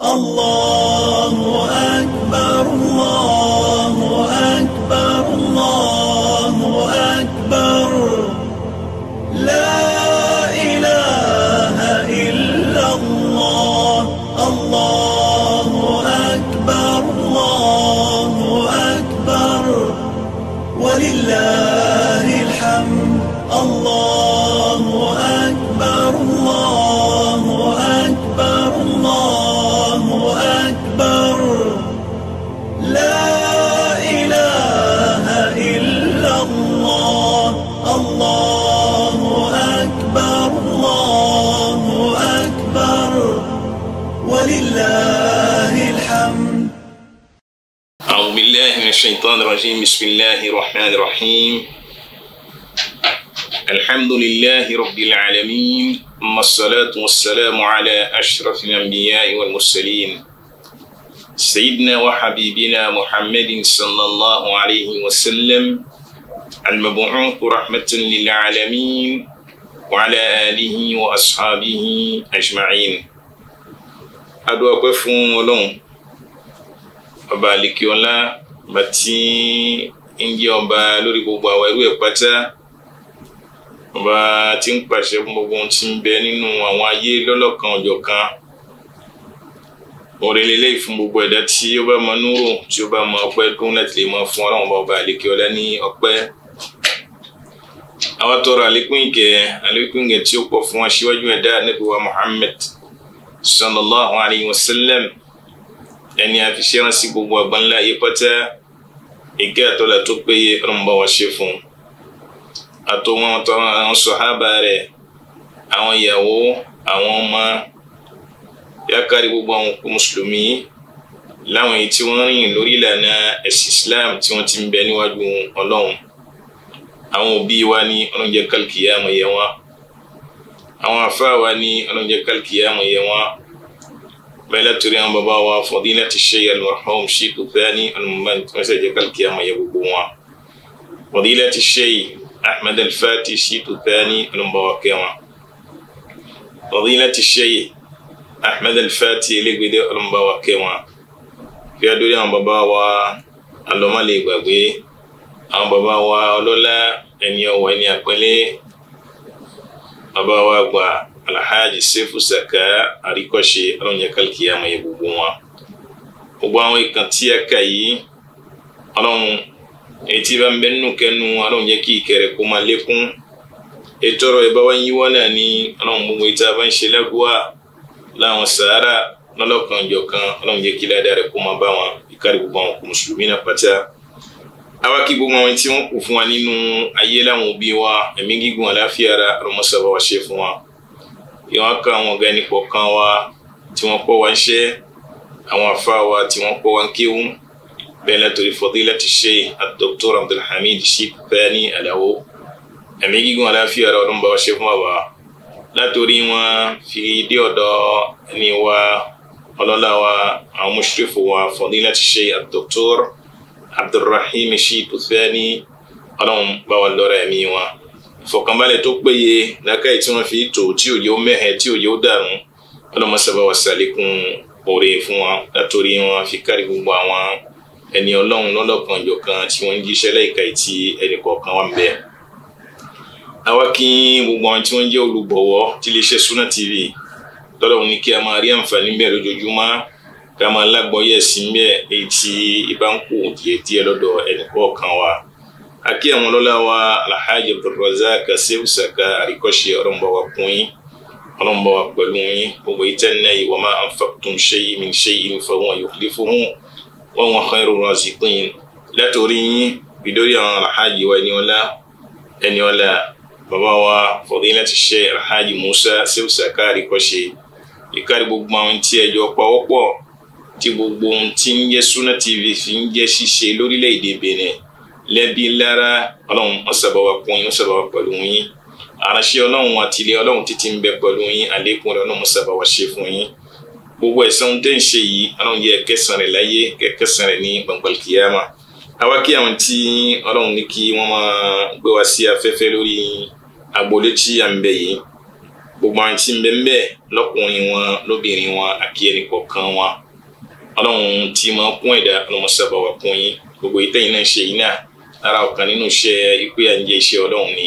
الله أكبر الشيطان الرجيم بسم الله الرحمن الرحيم الحمد لله رب العالمين أما الصلاة والسلام على أشرف الأنبياء والمرسلين سيدنا وحبيبنا محمد صلى الله عليه وسلم المبعوث رحمة للعالمين وعلى آله وأصحابه أجمعين adúpẹ́ fún ولون ọba àlekí mati ń yẹ ọba lórí gbogbo àwọn ẹrú ẹ̀ pátá ọba tí ń pàṣẹ fún gbogbo ohun tí ń bẹ nínú àwọn ayé lọ́lọ́kan ọ̀jọ̀kan orin lélẹ́yìí fún gbogbo ẹ̀dá tí ó bá mọ núrò tí ó bá mọ ọpẹ́ dún láti lè mọ fún ọlọ́run ọba àlékè ọlá ní ọpẹ́ àwa tọrọ àlékún ìkẹ́ àlékún ìkẹ́ tí ó pọ̀ fún aṣíwájú ẹ̀dá Ànábì wa Muhammad sallallahu alayhi wa sallam ẹni àfiṣẹ́ràn sí gbogbo àgbáńlá ayé pátá ìgé àtọ́lẹ̀ tó péye ọlọ́mọba wa ṣe fún un àtòwọn àtàwọn àwọn sọ̀hábà rẹ̀ àwọn ìyàwó àwọn ọmọ yákàrí gbogbo àwọn òkú mùsùlùmí láwọn èyí tí wọ́n rìn lórí ìlànà ẹ̀sìn Islam tí wọ́n ti ń bẹ níwájú ọlọ́run àwọn òbí wa ní ọlọ́njẹ́ kálkìyà àmọ̀ yẹn àwọn àfáà wa ní ọlọ́njẹ́ kálkìyà àmọ̀ yẹn lẹ́lẹ́tìrì àwọn bàbá wa fọdílẹ́tì ṣe almarhum ṣíkù fẹ́ni alùmọ́mọ́ni tí wọ́n sì jẹ́ kálkì àmọ́ yẹ gbogbo wọn fọdílẹ́tì ṣe ahmed alfati ṣíkù fẹ́ni alùmọ́wàkẹ́ wọn fọdílẹ́tì ṣe ahmed alfati elégbèdé alùmọ́wàkẹ́ wọn fi adúlé àwọn bàbá wa alọ́mọ́lẹ̀ ìgbàgbé àwọn bàbá wa ọlọ́lá ẹni ọ̀wọ̀ ẹni àpẹẹlẹ alhaji sefu saka àríkọ́ṣe alóyìnkákàlìkì àmọ́ yẹ gbogbo wọn gbogbo àwọn ìkan tí a kà yìí ọlọ́run etí bá ń bẹ nínú kẹnu ọlọ́run yẹ kí ìkẹrẹ kó máa lékún ètò ọ̀rọ̀ ìbáwá yíwọ́ náà ni ọlọ́run gbogbo ìta bá ń ṣe lágùwà láwọn sàárà lọ́lọ́kan jọ̀kan ọlọ́run yẹ kí ládàá rẹ̀ kó máa bá wọn ìkárí gbogbo àwọn mùsùlùmí náà pátá àwa kí gbogbo àwọn tí wọ́n kù fún wa nínú ayé láwọn òbí wa ẹ̀mí gígùn àláfíà ara ọlọ́mọṣẹ́ wa wá ṣe wa ìwọ̀n kan àwọn ọ̀gá ẹni kọ̀ọ̀kan wa tí wọ́n kọ́ wa iṣẹ́ àwọn afa wa tí wọ́n kọ́ wa ń kéwú bẹ́ẹ̀ látòrí fadilati sheikh ad-doctor abdulhamid shibani alawo ẹ̀mí gígùn aláfíà rẹ̀ ọdún bá wa ṣe fún wa látòrí wọn fi dé ọ̀dọ̀ ẹni wa ọlọ́lá wa àwọn mushrifu wa fadilati sheikh ad-doctor abdulrahim shibani ọlọ́run bá wa lọ́rọ̀ ẹ̀mí wọn ìfọ̀kànbalẹ̀ tó péye lákàyè tí wọ́n fi tò tí òye ó mẹ́hẹ̀ tí òye ó dàrú ọlọ́mọsábà wà sàlékún oore fún wa látòrí wọn fi kárí gbogbo àwọn ẹni ọlọ́run lọ́lọ́kan ìjọkan tí wọ́n ń jíṣẹ́ láìka ìtì ẹnìkọ̀ọ̀kan wà ń bẹ. àwa kí gbogbo àwọn tí wọ́n jẹ́ olùgbọ̀wọ́ tí iléeṣẹ́ Sunna TV tọ́lọ́run ní kí a máa rí àǹfààní bẹ́ẹ̀ lójoojúmọ́ ká máa lágbọ́yẹ̀ sí bẹ́ẹ̀ èyí tí ìbá ń kó díẹ̀díẹ̀ lọ́dọ̀ ẹnìkọ̀ọ̀kan wa akí àwọn ọlọ́lá wa alhaji abdulrazak sèwusaka àríkọ́ṣe ọlọ́mọba wa kún yín ọlọ́mọba wa pẹ̀lú yín gbogbo ìtẹ́ náà yìí wọ́n máa ń fàtún ṣe yìí min ṣe yìí fa wọn yòókù lé fún wọn wọn kan ìrora sí pín in látòrí yín ìdórí àwọn alhaji wa ẹni ọlá ẹni ọlá bàbá wa fadilati alhaji musa sèwusaka àríkọ́ṣe ìkárí gbogbo àwọn tí ẹjọ́ pawọ́pọ̀ tí gbogbo ohun tí ń TV fi ń jẹ́ ṣíṣe lórílẹ̀-èdè Benin lẹ́bi lára ọlọ́run ó ṣàbáwá kún yín ó ṣàbáwá pẹ̀lú yín àránṣẹ́ ọlọ́run àti ilé ọlọ́run títí ń bẹ pẹ̀lú yín àlékún rẹ̀ ọlọ́run ó ṣàbáwá ṣe fún yín gbogbo ẹ̀san tẹ́ ń ṣe yìí ọlọ́run yẹ kẹsàn rẹ̀ láyé kẹsàn rẹ̀ ní gbọ̀ngbọ̀lìkìyàmà àwa kí àwọn tí ọlọ́run ní kí wọ́n máa gbé wá sí afẹ́fẹ́ lórí agboolé tí yìí gbogbo àwọn tí ń bẹ ń wọn lóbìnrin wọn àkí ẹnì kọ̀ọ̀kan wọn ọlọ́run tí máa kún ẹ̀dá ọlọ́run sábà wà kún yín gbogbo ìtẹ́yìn náà ṣe yìí náà ara ọ̀kan nínú iṣẹ́ ìpè à ń jẹ́ iṣẹ́ ọlọ́run ni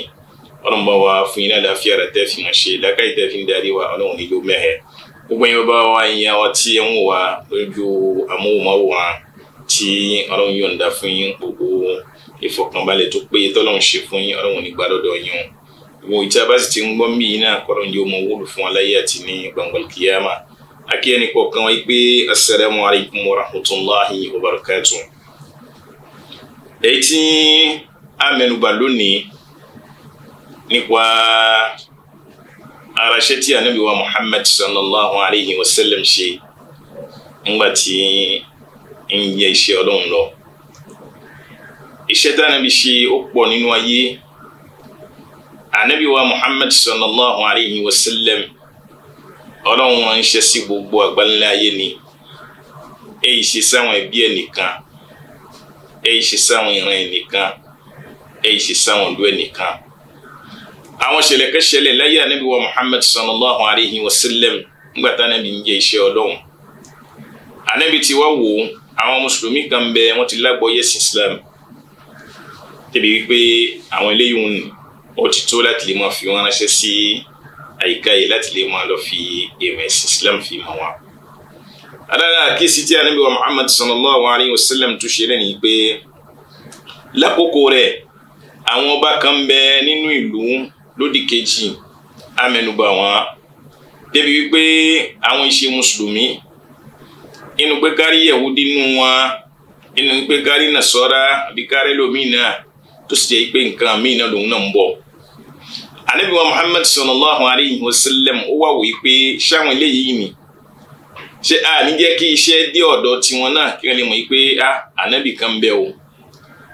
ọlọ́run bá wa fún yín láàfíà rẹ̀ tẹ́ fi mọ̀ ṣe lákàtí tẹ́ fi ń darí wa ọlọ́run ní ló mẹ́hẹ̀ gbogbo yín bá wa ìyá wa tí ẹ̀ ń wà lójú amóhùnmáwòrán tí ọlọ́run yọ̀ǹda fún yín gbogbo ìfọkànbalẹ̀ tó péye tọ́lọ́run ṣe fún yín ọlọ́run ní gbàdọ̀dọ̀ yín o wo ìta bá sì ti ń gbọ́ mí iná kọ́lọ́ ní ọmọ wúlò fún aláyé àti ní gbàngbàl kìyàmà akíyẹnì kọ̀ọ̀kan wáyé pé assalamu alaikum warahmatullahi wabarakatuh èyí tí a mẹ́nubà lónìí nípa anabi wa muhammad sallallahu alayhi wa sallam ṣe ńgbà tí ń yẹ iṣẹ́ ọlọ́run lọ iṣẹ́ anabi ṣe ó pọ̀ nínú ayé anabi wa muhammad sallallahu alayhi wa sallam ọlọ́run ránṣẹ́ sí gbogbo àgbáńlá ayé ni èyí ṣe sáwọn ẹbí ẹ̀ nìkan ẹ̀yin ṣe sáwọn ìran ẹnìkan ẹ̀yin ṣe sáwọn ìlú ẹnìkan. àwọn ìṣẹ̀lẹ̀ kan ṣẹlẹ̀ láyé ànábì wa Muhammad sallallahu alayhi wa sallam nígbà tá ànábì ń jẹ́ iṣẹ́ Ọlọ́run ànábì ti wá wò àwọn mùsùlùmí kan bẹ wọ́n ti lágbọ́yé sí Islam débi wípé àwọn eléyìí ń ó ti tó láti lè máa fi wọn ránṣẹ́ sí àyíká yìí láti lè máa lọ fi èèmọ̀ ẹ̀sìn Islam fi mọ̀ wọn alára àkíyèsí tí anábì wa muhammad sallallahu alayhi wa sallam tún ṣe lẹ́nu pé lákòókò rẹ̀ àwọn ọba kan bẹ nínú ìlú lódì kejì amẹnubà wọn débi wípé àwọn ìṣe mùsùlùmí inú pé kárí yẹ̀wúdí nínú wọn inú pé kárí nàṣọ́ra àbí kárí lómìn tó sì jẹ́ pé nǹkan míì lòun náà ń bọ̀ anábì wa muhammad sallallahu alayhi wa sallam ó wà wí ṣáwọn eléyìí ni ṣé a ní jẹ́ kí iṣẹ́ dé ọ̀dọ̀ tiwọn náà kí wọ́n lè mọ̀ pé a ànábì kan bẹ o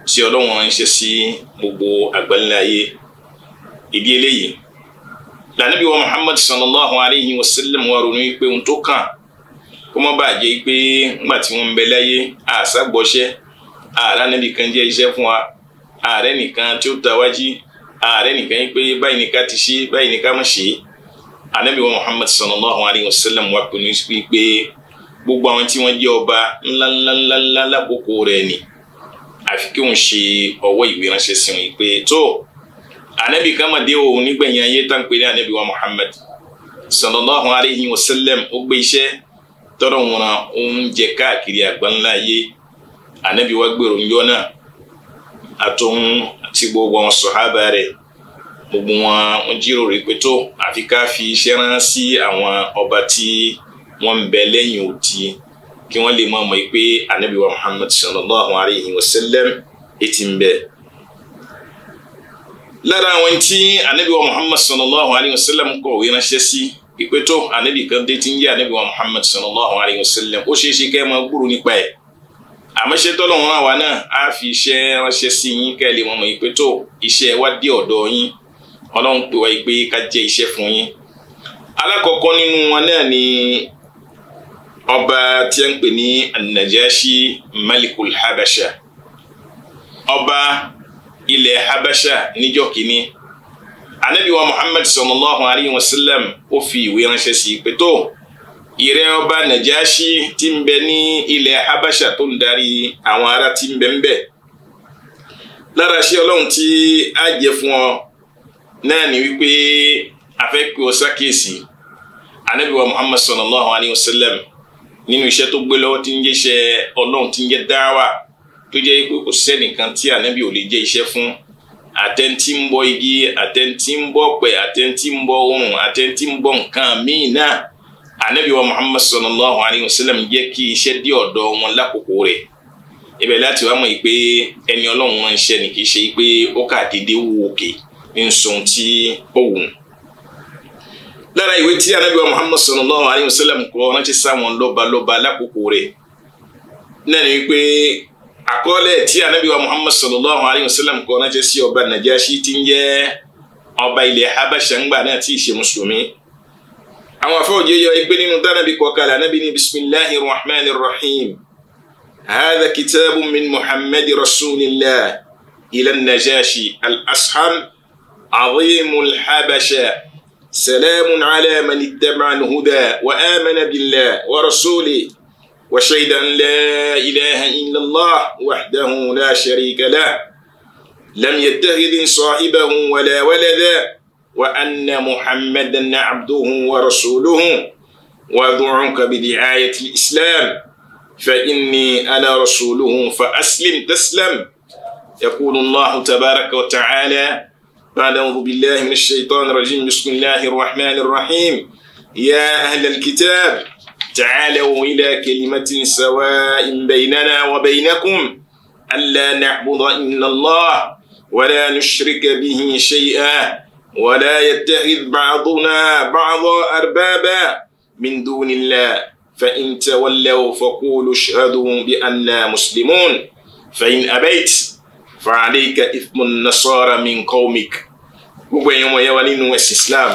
tí ọlọ́run ránṣẹ́ sí gbogbo àgbáńlá ayé ìdí eléyìí lànàbí wa Muhammad sallallahu alayhi wa sallam wa ronú pé ohun tó kàn kó má bàa jẹ́ pé ńgbà tí wọ́n ń bẹ láyé àṣàgbọ́ṣẹ́ ààrẹ ànábì kan jẹ́ iṣẹ́ fún wa ààrẹ nìkan tí ó ta ààrẹ nìkan yín pé báyìí ni ti ṣe báyìí ni ká ṣe é anabi wa muhammad sallallahu alayhi wa sallam wa pinnu pé gbogbo àwọn tí wọ́n jẹ́ ọba ńláńláńláńlá lákòókò rẹ̀ ni àfi kí òun ṣe ọwọ́ ìwé ránṣẹ́ sí wọn pé tó anabi kamade o nígbẹ̀yìn ayé tá n pè ní anabi wa muhammad sallallahu alayhi wa sallam ó gbé iṣẹ́ tọrọ wọn oúnjẹ káàkiri àgbáńlá ayé anabi wa gbèrò ńjọ náà àtòun àti gbogbo àwọn sọ̀hábà rẹ̀ gbogbo wọn ń jíròrò pé tó àfi ká fi iṣẹ́ rán sí àwọn ọba tí wọ́n ń bẹ lẹ́yìn odi kí wọ́n lè mọ̀ mọ́ pé anabi wa muhammad sallallahu alayhi wa sallam ètí e ń bẹ. lára àwọn tí anabi wa muhammad sallallahu alayhi wa sallam kọ̀ wí ránṣẹ́ sí ìpè tó anabi kan dé ti ń yé anabi wa muhammad sallallahu alayhi wa sallam ó ṣeé ṣe kẹ́ ẹ máa gbúrò nípa ẹ̀ àmọ́ṣe tọ́lọ́run àwa náà á fi iṣẹ́ ránṣẹ́ sí yín kẹ́ ẹ lè mọ̀ mọ́ ìpè tó iṣẹ́ wa dé ọ̀dọ̀ yín ọlọ́run pè wáyé pé ká jẹ́ iṣẹ́ fún yín alákọ̀ọ́kọ́ nínú wọn náà ni ọba tí a ń pè ní anajashi malikul habasha ọba ilẹ̀ habasha níjọ́ kìíní anabi wa muhammad sallallahu alayhi wa sallam ó fi ìwé ránṣẹ́ sí i pé tó ìrẹ́ ọba najashi tí ń bẹ ní ilẹ̀ habasha tó ń darí àwọn ará tí ń bẹ ń bẹ lára ṣé ọlọ́run tí a jẹ fún ọ náà ni wípé afẹ́pẹ́ ọ̀sákèsì anábìwá muhammad sallallahu alayhi wa sallam nínú iṣẹ́ tó gbé lọ́wọ́ tí ń jẹ́ iṣẹ́ ọlọ́run tí ń jẹ́ dáwà tó jẹ́ pé kò sẹ́nìkan tí anábì ò lè jẹ́ iṣẹ́ fún ń igi àtẹ̀ntì ń bọ pẹ̀ àtẹ̀ntì ń ohun àtẹ̀ntì ń bọ nǹkan míì náà muhammad sallallahu ń sùn tí ó wù lára ìwé tí anabi wa muhammad sallallahu alayhi wa sallam kọ rántí sáwọn lọ́balọ́ba lákòókò rẹ̀ náà ni wípé àkọọ́lẹ̀ tí anabi wa muhammad sallallahu alayhi wa sallam kọ rántí sí ọba najashi tí ń jẹ́ ọba ilẹ̀ habasha ńgbà náà tí ì mùsùlùmí àwọn afọ́jú yọ ẹgbẹ́ nínú tánàbí kọkàlà anábì ní bisimilahi rahman rahim hadha kitabu min muhammad rasulillah ila najashi al-asham. عظيم الحبشة سلام على من اتبع الهدى وآمن بالله ورسوله وشهد أن لا إله إلا الله وحده لا شريك له لم يتخذ صاحبه ولا ولدا وأن محمدا عبده ورسوله وأدعوك بدعاية الإسلام فإني أنا رسوله فأسلم تسلم يقول الله تبارك وتعالى بعد أعوذ بالله من الشيطان الرجيم بسم الله الرحمن الرحيم يا أهل الكتاب تعالوا إلى كلمة سواء بيننا وبينكم ألا نعبد إلا الله ولا نشرك به شيئا ولا يتخذ بعضنا بعضا أربابا من دون الله فإن تولوا فقولوا اشهدوا بأننا مسلمون فإن أبيت فعليك إثم النصارى من قومك gbogbo ẹ̀yin ọmọ yẹn wa nínú ẹ̀sìn Islam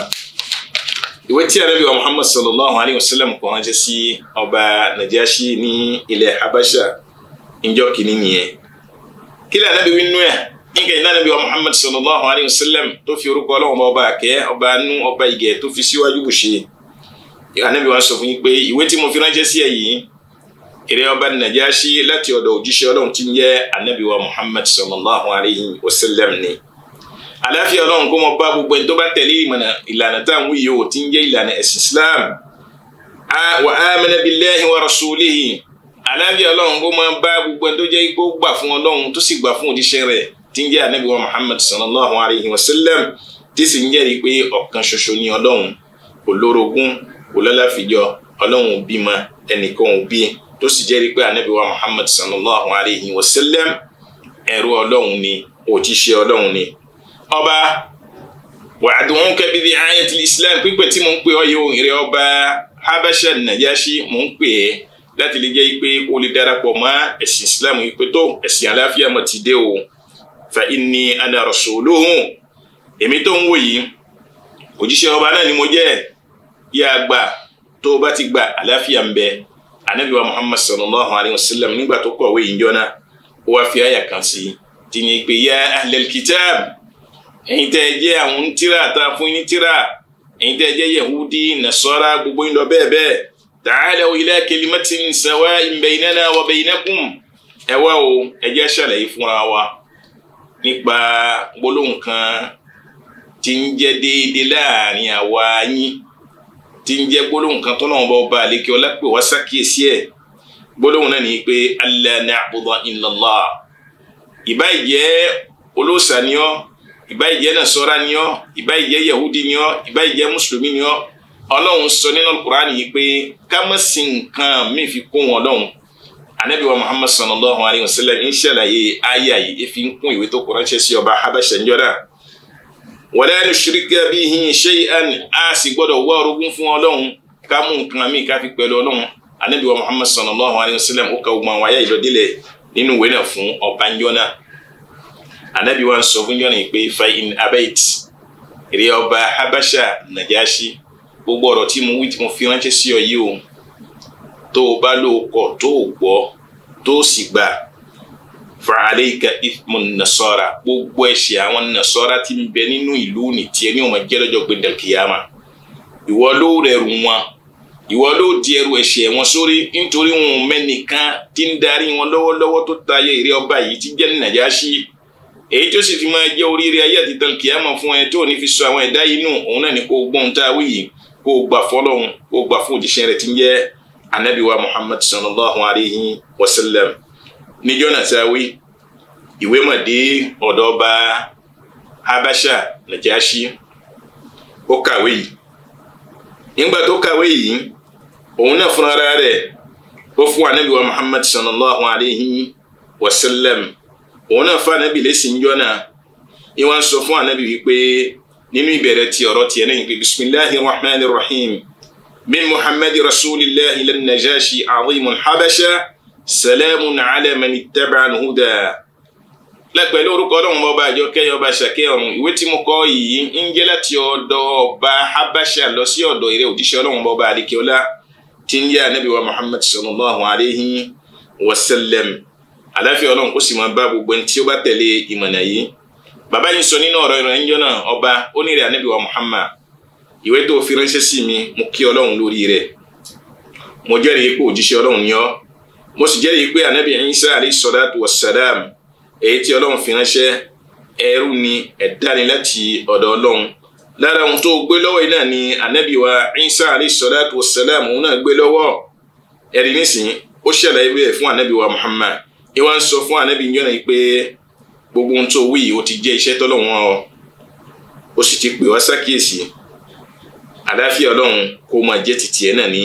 ìwé tí ànábì wa Muhammad sallallahu alayhi wa sallam kọ ránṣẹ́ sí ọba Najashi ní ilẹ̀ Habasha ìjọ kìíní nìyẹn kí lè ànábì wí nú ẹ̀ nígbà yìí ànábì wa Muhammad sallallahu alayhi wa sallam tó fi orúkọ ọlọ́run ọba àkẹ́ ọba nú ọba ìgẹ̀ tó fi síwájú bù ṣe ànábì wa sọ fún yín pé ìwé tí mo fi ránṣẹ́ sí ẹ yìí èrè ọba Najashi láti ọ̀dọ̀ òjíṣẹ́ ọlọ́run ti ń jẹ́ ànábì wa Muhammad sallallahu alayhi wa sallam ni àláfíà ọlọ́run kó mọ bá gbogbo ẹni tó bá tẹ̀lé ìmọ̀nà ìlànà táwọn yìí ò ti ń jẹ́ ìlànà ẹ̀sìn Islam wa amana billahi wa rasulihi àláfíà ọlọ́run kó mọ bá gbogbo ẹni tó jẹ́ igbó gbà fún ọlọ́run tó sì gbà fún òjíṣẹ́ rẹ̀ tí ń jẹ́ ànábì wa Muhammad sallallahu alayhi wa sallam tí sì ń jẹ́rìí pé ọ̀kan ṣoṣo ni ọlọ́run kò lórogún ọlọ́run ò bímọ ẹnìkan ò tó sì jẹ́rìí pé ànábì wa Muhammad sallallahu alayhi wa sallam ẹ̀rú ọlọ́run ni òjíṣẹ́ ọlọ́run ni ọba wàdùn kẹbìdì àyẹ̀tì islam pípẹ́ tí mò ń pè ọ́ yìí òhìnrè ọba habasha najashi mò ń pè é láti lè jẹ́ pé o lè darapọ̀ mọ́ ẹ̀sìn islam yìí pé tó ẹ̀sìn àlàáfíà mọ̀ ti dé o fa inni ana rasuluhu èmi tó ń wò yìí òjíṣẹ́ ọba náà ni mo jẹ́ yá gbà tó o bá ti gba àlàáfíà ń bẹ anabi wa muhammad sallallahu alayhi wa sallam nígbà tó kọ̀wé yìí jọ náà fi àyà kan sí i tí ní pé yá ahlal kitab ẹ̀yin tẹ́ ẹ jẹ́ àwọn tíra ta fún yín tíra ẹ̀yin tẹ́ ẹ jẹ́ yahudi nasara gbogbo yín lọ bẹ́ẹ̀ bẹ́ẹ̀ ta'alaw ila kalimatin sawa'in baynana wa baynakum ẹ wá o ẹ jẹ́ ṣàlàyé fúnra wa nípa gbólóhùn kan tí ń jẹ́ déédéé láàrin àwa yín tí ń jẹ́ gbólóhùn kan tó náà bá ọba àlékè ọlá pé wá ṣàkíyèsí ẹ̀ gbólóhùn ni pé alla na'budu illa Allah ìbá ìjẹ́ olóòsàníọ́ ìbá ìjẹ́ nasọ́ra ni ọ́ ìbá ìjẹ́ yahudi ni ọ́ ìbá ìjẹ́ mùsùlùmí ni ọ́ ọlọ́run sọ nínú alukur'an yìí pé ká nǹkan mí fi kún wọn lọ́hùn anabi wa muhammad sallallahu alayhi wa sallam ń ṣàlàyé ayé àyè efi ń kún ìwé tó kọ́ ránṣẹ́ sí ọba habasha ń jọ́dá wala nushrika bihi shay'an á sì gbọ́dọ̀ wá orogún fún ọlọ́run ká mú nǹkan mí ká pẹ̀lú ọlọ́run anabi wa muhammad sallallahu alayhi wa sallam ó ka ogun àwọn ayé ìlọdílẹ̀ nínú ìwé náà fún ọba ń jọ́dá anabi wa sọ fún jọ́nà yìí fa in abait èrè ọba habasha najashi gbogbo ọ̀rọ̀ tí mo wí tí mo fi ránṣẹ́ sí ọ yìí o tó o bá lò kọ̀ tó o gbọ́ tó o sì gbà fa alayka ithmu nasara gbogbo ẹ̀ṣẹ̀ àwọn nasara tí ń bẹ nínú ìlú ní tiẹ̀ ní ọmọ jẹ́ lọ́jọ́ gbẹdẹ̀kìyàmà ìwọ ló rẹrù wọn ìwọ ló di ẹrù ẹ̀ṣẹ̀ wọn sórí nítorí wọn mẹ́nìkan tí ń darí wọn lọ́wọ́lọ́wọ́ tó tayé ìrẹ́ ọba yìí ti jẹ́ Nàjáṣì èyí tó sì fi máa jẹ́ oríire ayé àti tàlkìyàmọ̀ fún ẹ tó ní fi sọ àwọn ẹ̀dá yìí òun náà ni kó gbọ́n tá a wí yìí kó gbà fọlọ́hún gbà fún òjíṣẹ́ rẹ̀ ń jẹ́ anabiwa muhammad sallallahu alayhi wa sallam níjọ́ náà tá a wí ìwé mà dé ọ̀dọ̀ ọba habasha najashi ó kàwé yìí nígbà tó kàwé yìí òun náà fúnra rẹ̀ ó fún anabiwa muhammad sallallahu alayhi wa sallam. òun náà fún anabi lésì ń jọ́nà ni wọ́n sọ fún anabi wípé nínú ìbẹ̀rẹ̀ ti ọ̀rọ̀ tiẹ̀ náà wípé bisimilahi rahman rahim min muhammad rasulillah ilẹ̀ najashi azimun habasha salamun ala man ittaba'al huda lẹ́pẹ̀lú orúkọ ọlọ́run ọba àjọ kẹ́yọ̀ ọba ṣàkẹ́ ọ̀run ìwé tí mo kọ yìí ń jẹ́ láti ọ̀dọ̀ ọba habasha lọ sí ọ̀dọ̀ eré òjíṣẹ́ ọlọ́run ọba àdìkẹ́ọ́lá tí ń yá anabi wa muhammad sallallahu alayhi wa sallam àlàáfíà ọlọ́run kó sì máa bá gbogbo ẹni tí ó bá tẹ̀lé ìmọ̀nà yìí bàbá yìí sọ nínú ọ̀rọ̀ ìrìn ẹ̀yọ́ náà ọba ó ní rẹ̀ ànábì Muhammad ìwé tó fi ránṣẹ́ sí mi mo kí ọlọ́run lórí rẹ̀ mo jẹ́rìí pé òjíṣẹ́ ọlọ́run ni ọ́ mo sì jẹ́rìí pé ànábì Isa alayhi salatu wassalam èyí tí ọlọ́run fi ránṣẹ́ ẹrú ni ẹ̀dá ni láti ọ̀dọ̀ ọlọ́run lára ohun tó gbé lọ́wọ́ yìí náà ni ànábì wa Isa alayhi salatu wassalam òun náà gbé lọ́wọ́ ẹ̀rí nísìnyí ó ṣàlàyé bẹ́ẹ̀ fún ànábì Muhammad ìwà sọ fún ànábì yọ̀nà yìí pé gbogbo ohun tó wí yìí ó ti jẹ́ iṣẹ́ tọ́lọ́wọ́n ọ ó sì ti pè wá sákìyèsí àdáfíà ọlọ́run kó máa jẹ́ títí ẹ̀ náà ní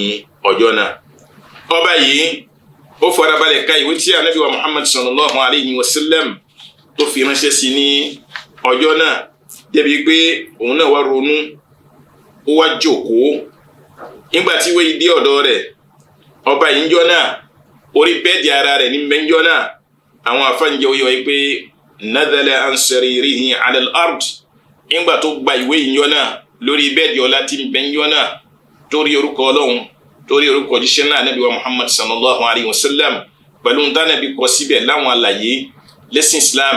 ọjọ́ náà ọba yìí ó farabalẹ̀ ka ìwé tí ànábì wa Muhammad sallallahu alayhi wa sallam tó fi ránṣẹ́ sí ní ọjọ́ náà débi pé òun náà wá ronú ó wá jókòó nígbà tí ìwé yìí dé ọ̀dọ̀ rẹ̀ ọba yìí ń jọ náà orí bẹ́ẹ̀dì ara rẹ̀ ní mẹ́jọ náà àwọn afáǹjẹ́ oyè wáyé pé nadala ansari rihin alal ard ńgbà tó gba ìwé ìyọ náà lórí bẹ́ẹ̀dì ọlá tí mẹ́jọ náà torí orúkọ ọlọ́run torí orúkọ jíṣẹ́ náà nàbí wa muhammad sallallahu alayhi wa sallam pẹ̀lú ntánàbí kọ síbẹ̀ láwọn àlàyé lẹ́sìn islam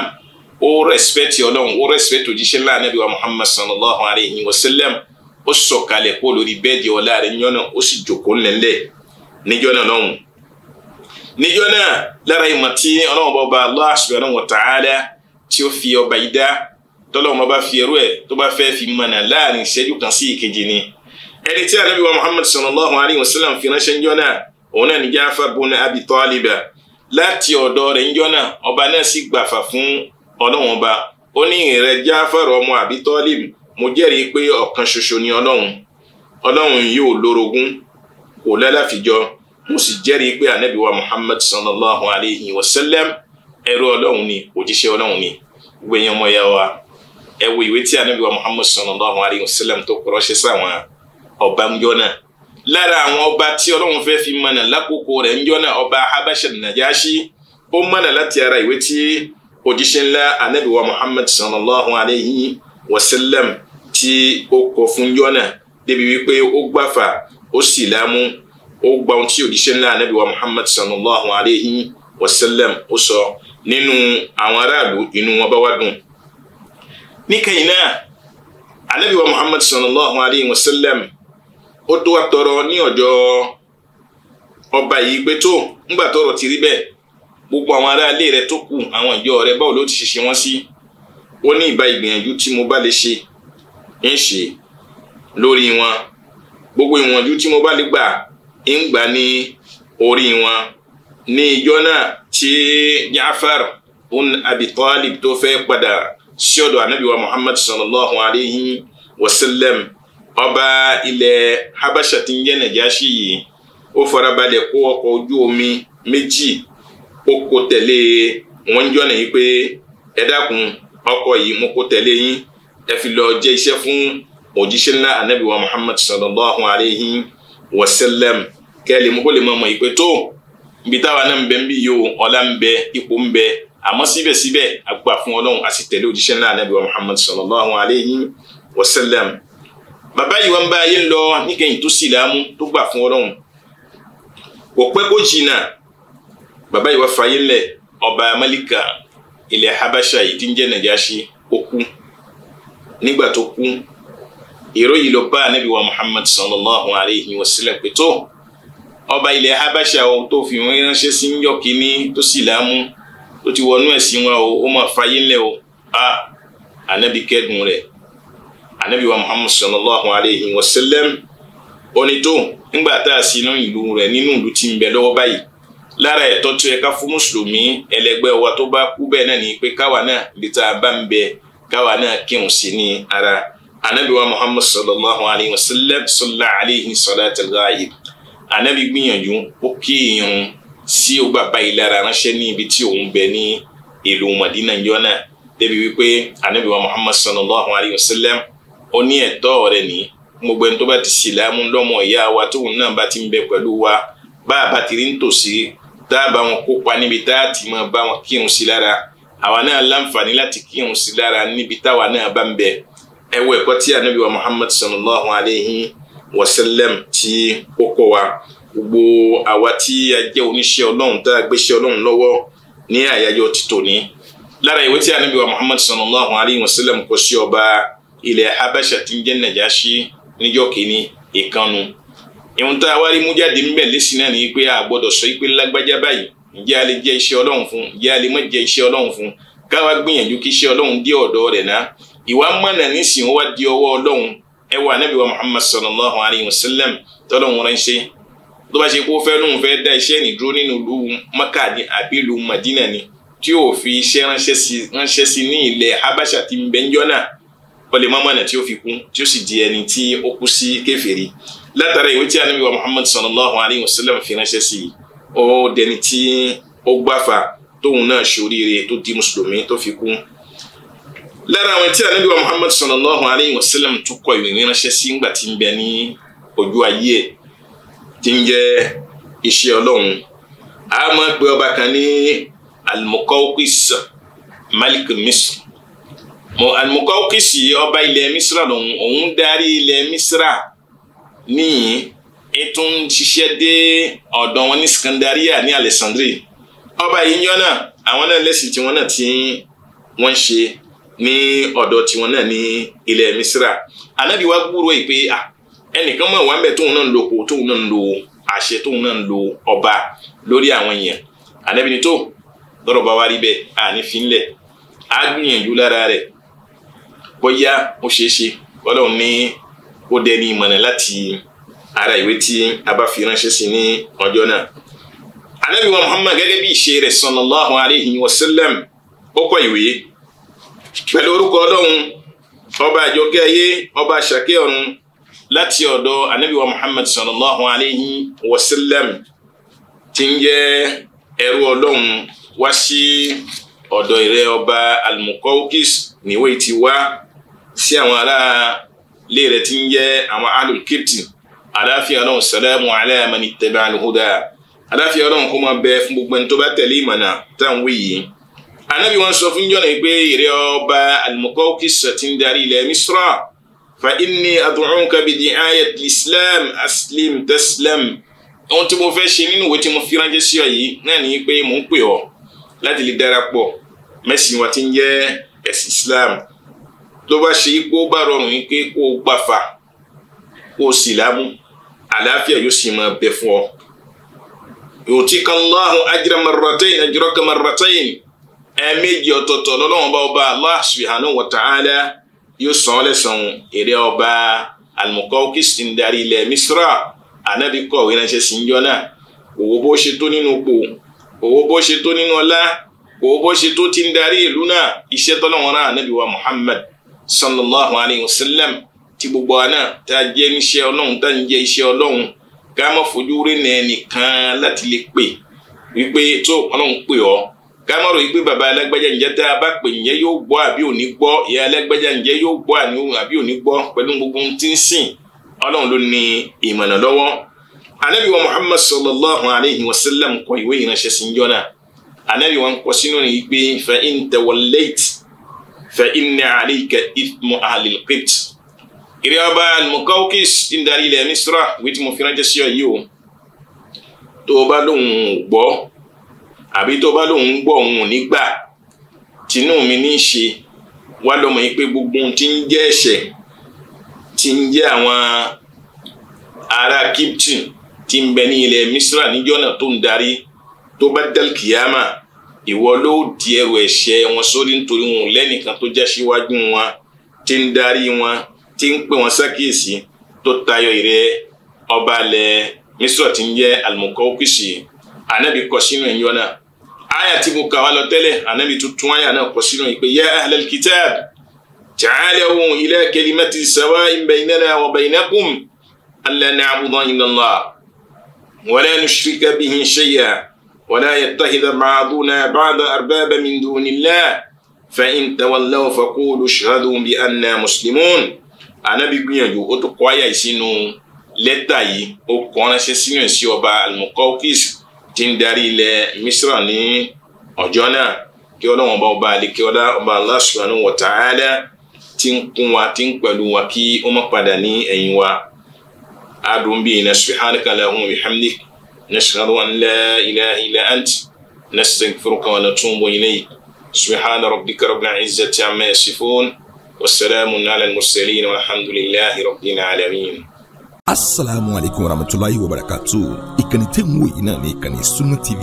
ó rẹ́spẹ̀tì ọlọ́run ó rẹ́spẹ̀tì òjíṣẹ́ náà nàbí wa muhammad sallallahu alayhi wa sallam ó sọ̀kalẹ̀ kó lórí bẹ́ẹ̀dì ọlá rẹ̀ yọ náà ó sì jòkó ńlẹ̀ níjọ́ náà lọ́hùn níjọ́ náà lára ìmọ̀ tí ọlọ́run bá ba Allah subhanahu wa ta'ala tí ó fi ọba yìí dá tọ́lọ́run bá bá fi ẹrú ẹ̀ tó bá fẹ́ fi mọ̀nà láàrin ìṣẹ́jú kan sí ìkejì ni ẹni tí ànábì wa Muhammad sallallahu alayhi wa sallam fi ránṣẹ́ níjọ́ náà òun náà ní Abi taaliba, láti ọ̀dọ̀ rẹ̀ níjọ́ náà ọba náà sì gbàfà fún ọlọ́run ọba ó ní ìrẹ Ja'far Abi taalib, mo jẹ́rìí pé ọ̀kan ṣoṣo ni ọlọ́run ọlọ́run yóò lórogún kò lálàfíjọ́ mo sì jẹ́rìí pé ànábì wa muhammad sallallahu alayhi wa sallam ẹrú ọlọ́run ni òjíṣẹ́ ọlọ́run ni wẹ̀yìn ọmọ ya wa ẹ wo ìwé tí ànábì wa muhammad sallallahu alayhi wa sallam tó kọ́ sáwọn ọba ńjọ́ náà lára àwọn ọba tí ọlọ́run fẹ́ fi mọ̀nà lákòókò rẹ̀ ńjọ́ náà ọba habasha najashi ó mọ̀nà láti ara ìwé tí òjíṣẹ́ ńlá ànábì wa sallallahu alayhi wa sallam tí ó kọ fún ńjọ́ débi wípé ó gbàfà ó sì lámú ó gba ohun tí òjíṣẹ́ ńlá anabi wa muhammad sallallahu alayhi wa sallam ó sọ nínú àwọn aráàlú inú wọn bá wá dùn. níkẹyìn náà anabi wa muhammad sallallahu alayhi wa sallam ó tó wá tọrọ ní ọjọ́ ọba yìí gbé tó ńgbà tọrọ ti rí bẹ́ẹ̀ gbogbo àwọn aráalé rẹ tó kù àwọn ìjọ rẹ báwo ló ti ṣe ṣe wọn sí ó ní ìbá ìgbìyànjú tí mo bá lè ṣe ń ṣe lórí wọn gbogbo ìwọ̀njú tí mo bá lè gbà ń gbà ní orí wọn ní ìjọ náà tí Jaafar un Abi tó fẹ́ padà sí ọ̀dọ̀ Muhammad sallallahu alayhi wa sallam ọba ilẹ̀ Habasha tí ń jẹ́ Najashi yìí ó farabalẹ̀ kó ọkọ̀ ojú omi méjì ó kó tẹ̀lé wọn jọ nìyí pé ẹ dákun ọkọ̀ yìí mo kó tẹ̀lé yín ẹ fi lọ jẹ́ iṣẹ́ fún òjíṣẹ́ ńlá anabi Muhammad sallallahu alayhi wa sallam wasallam kẹ́lì mú kó lè mọ̀ mọ̀ ìpè tó ibi táwa náà ń bẹ ń bí yìí o ọlá ń bẹ ipò ń bẹ àmọ́ síbẹ̀síbẹ̀ àgbà fún ọlọ́run àti tẹ̀lé òjíṣẹ́ ńlá ànábì wa muhammad sallallahu alayhi wa sallam bàbá yìí wọn bá ayé ń lọ níkẹyìn tó sì láàmú tó gbà fún ọlọ́run kò pẹ́ kó jìnnà bàbá yìí wọn fàyè ńlẹ̀ ọba malika ilẹ̀ habasha yìí tí ń jẹ́ nàjàṣí ó kú nígbà tó kú Iro yìí ló bá anabi wa muhammad sallallahu alayhi wa sallam pé tó ọba ilẹ̀ habasha o tó fi wọn ránṣẹ́ sí yọ kínní tó sì láàmú tó ti wọnú ẹ̀sìn o o a anabi kẹ́dùn rẹ̀ wa muhammad sallallahu alayhi wa sallam tá a sinú ìlú rẹ̀ nínú ìlú tí ń bẹ lọ́wọ́ báyìí lára ẹ̀tọ́ tó yẹ ká fún mùsùlùmí ẹlẹgbẹ́ wa tó ara anabi wa muhammad sallallahu alayhi wa sallam salla alayhi salatul ghaib anabi gbìyànjú ó kí irun sí ọgbà báyìí lára ránṣẹ́ ní ibi tí òun bẹ ní ìlú madina jọ́nà débi wípé anabi wa muhammad sallallahu alayhi wa sallam ó ní ẹ̀tọ́ rẹ̀ ní gbogbo ẹni tó bá ti sìlámù lọ́mọ ìyá wa tóun náà bá ti ń bẹ pẹ̀lú wa bá a bá ti rí nítòsí tá a bá wọn kópa níbi tá a ti máa bá wọn kírun sí lára àwa náà láǹfààní láti kírun sí lára níbi táwa náà bá ń bẹ ẹwọ ẹ̀kọ́ tia anabi wa muhammad sallallahu alayhi wa sallam tí ó kọ́ wa gbogbo àwa tí a jẹ́ oníṣẹ́ ọlọ́run tá a gbéṣẹ́ ọlọ́run ní àyájọ́ ti tòní lára ìwé tí anabi wa muhammad sallallahu alayhi wa sallam kọ sí ọba ilẹ̀ habasha tí ń jẹ́ najashi níjọ́ kìíní ìkànnù ìhun tá a wá rí mú jáde ńbẹ̀ lẹ́sìn náà ni pé a gbọ́dọ̀ sọ pé lágbájá báyìí ǹjẹ́ a lè jẹ́ iṣẹ́ ọlọ́run fún ǹjẹ́ a lè má jẹ́ iṣẹ́ ọlọ́run fún káwa gbìyànjú kí iṣẹ́ ọlọ́run dé ọ̀dọ̀ rẹ̀ náà ìwà mọ̀nà nísìn wá di ọwọ́ ọlọ́run ẹ wà nábì wa muhammad sallallahu alayhi wa sallam tọ́lọ́run ránṣẹ́ tó bá ṣe kó fẹ́ lóun fẹ́ dá iṣẹ́ ní dúró nínú ìlú maka ní àbí ìlú madina ni tí yóò fi iṣẹ́ ránṣẹ́ sí ní ilẹ̀ habasha ti ń bẹ́ njọ́ náà ọlẹ̀ mọ́mọ́nà tí ó fi kú tí ó sì di ẹni tí ó kú sí kèfèrí látara ìwé tí ànábì wa muhammad sallallahu alayhi wa sallam fi ránṣẹ́ sí ó dẹni tí ó gbáfa tóun náà ṣoríire tó di mùsùlùmí tó fi kú lára àwọn tí anabi wa muhammad sallallahu alayhi wa sallam tó kọ ìrìn ránṣẹ́ sí ńgbà tí ń bẹ ní ojú ayé tí ń jẹ́ iṣẹ́ ọlọ́run a máa pe ọba kan ní almukawkis malik misr mo almukawkis ọba ilẹ̀ misra lòun òun darí ilẹ̀ misra níyìn ìtún ṣiṣẹ́ dé ọ̀dọ̀ wọn ní skandaria ní alexandria ọba yìí ń yọ náà àwọn náà lẹ́sìn tí wọ́n náà ti wọ́n ṣe ní ọ̀dọ̀ tiwọn náà ní ilẹ̀ misira anabi wa gbúrò yìí pé ẹnìkan mọ̀ wá ń bẹ̀ tóun náà ń lo kò tóun náà ń lo àṣẹ tóun náà ń lo ọba lórí àwọn èèyàn anabi ni tó lọ́rọ̀ bá wá rí bẹ́ẹ̀ àní fínlẹ̀ á gbìyànjú lára rẹ̀ bóyá ó ṣeé ṣe ọlọ́run ní ó dẹni ìmọ̀nà láti ara ìwé tí a bá fi ránṣẹ́ sí ní ọjọ́ náà anabi wa muhammad gẹ́gẹ́ bí ìṣe rẹ̀ sallallahu alayhi wa sallam ó kọ ìwé pẹ̀lú orúkọ ọlọ́run ọba àjọkẹ́ ayé ọba àṣàkẹ́ ọ̀run láti ọ̀dọ̀ anabiwa muhammad sallallahu alayhi wa sallam tí ń jẹ́ ẹrú ọlọ́run wá sí ọ̀dọ̀ ìrẹ́ ọba almukawkis níwé ti wá sí àwọn ará ilé rẹ̀ tí ń jẹ́ àwọn alukipti aláfíà ọlọ́run salamu ala man aláfíà ọlọ́run kó máa bẹ fún gbogbo ẹni tó bá tẹ̀lé ìmọ̀nà táwọn wí yìí anabi wọn sọ fún jọ́nà pé ìrẹ ọba al-Muqawqis tí ń darí ilẹ̀ Misra fa inni ad'uka bi di'ayat islam aslim taslam ohun tí mo fẹ́ ṣe nínú ìwé tí mo fi ránṣẹ́ sí ọ yìí náà ní pé mò ń pè ọ láti lè darapọ̀ mẹ́sìn wa ti ń jẹ́ ẹ̀sìn islam tó bá ṣe kó bá rọrùn pé kó gbàfà kó sì lámú àlàáfíà yóò sì máa bẹ fún ọ. yu'tika Allahu ajra marratayn ajraka marratayn ẹ̀ẹ̀mejì ọ̀tọ̀ọ̀tọ̀ lọ́lọ́wọ́n bá ọba Allah subhanahu wa ta'ala yóò san ọ́ lẹ́san èrè ọba Al-Muqawqis ń darí ilẹ̀ Misra anabi kọ̀wé ránṣẹ́ sí ń jọ náà òwò bó ṣe tó nínú ipò òwò bó ṣe tó nínú ọlá òwò bó ṣe tó ti ń darí ìlú náà iṣẹ́ tọ́lọ́wọ́n náà anabi wa Muhammad sallallahu alayhi wa sallam ti gbogbo àná tá a jẹ́ níṣẹ́ ọlọ́run tá a ń jẹ́ iṣẹ́ ọlọ́run ká má fojú kámọ́rò yìí pé baba alágbájá ǹjẹ́ tá a bá pè ǹjẹ́ yóò gbọ́ àbí òní gbọ́ ìyá alágbájá ǹjẹ́ yóò gbọ́ àbí òní gbọ́ pẹ̀lú gbogbo ohun tí ń sìn ọlọ́run ló ní ìmọ̀nà lọ́wọ́ anabi wa muhammad sallallahu alayhi wa sallam kọ ìwé ìránṣẹ́ sí ń jọ́nà anabi ń kọ sínú rẹ̀ pé fa in tawallayt fa inna alayka ithmu ahlil qibt ìrẹ́ ọba al-muqawqis ń darí ilẹ̀ misra wí mo fi ránṣẹ́ sí ọ yìí o tó o bá lóun gbọ́ àbí tó bá lòun ń gbọ́ òun ò ní gbà tinú mi ní í ṣe wá lọ́mọ yìí pé gbogbo ohun tí ń jẹ́ ẹ̀ṣẹ̀ tí ń jẹ́ àwọn ará Kíptì tí ń bẹ ní ilẹ̀ Misra níjọ́ náà tó ń darí tó bá dálkìyàmà ìwọ ló di ẹrù ẹ̀ṣẹ̀ wọn sórí nítorí wọn lẹ́nìkan tó já síwájú wọn tí ń darí wọn tí ń pè wọn sákìyèsí tó tayọ ìrẹ ọba ilẹ̀ Misra tí ń jẹ́ Al-Muqawqis anabi kọ sínú ẹ̀yọ́ náà aya tí mo kà wá lọ tẹ́lẹ̀ anabi tuntun aya náà kọ sínú ìpè yá ahlal kitab ja'alahu ila kalimati sawa'in baynana wa baynakum alla na'budu illa Allah wa la nushrika bihi shay'an wa la yattakhidha ba'duna ba'da arbaba min dunillah fa in tawallaw faqulu ishhadu bi anna muslimun anabi gbìyànjú ó tún kọ aya yìí sínú lẹ́tà yìí ó kọ́ ránṣẹ́ sínú ẹ̀ sí ọba al-Muqawqis tí ń darí ilẹ̀ misra ní ọjọ́ náà kí ọlọ́run ọba ọba àlekè ọlá ọba Allah subhanahu wa ta'ala tí ń kún wa tí ń pẹ̀lú wa kí ó má padà ní ẹ̀yìn wa adùn bíi iná subhanaka allahumma wa bihamdik nashhadu an la ilaha illa ant nastaghfiruka wa natubu ilayk subhana rabbika rabbil izzati amma yasifun wa salamun ala al-mursalin walhamdulillahi rabbil alamin asalaamu alaykum warahmatulahi wabarakatu ìkànnì tẹ́ ń wò yìí náà ní ìkànnì Sunna TV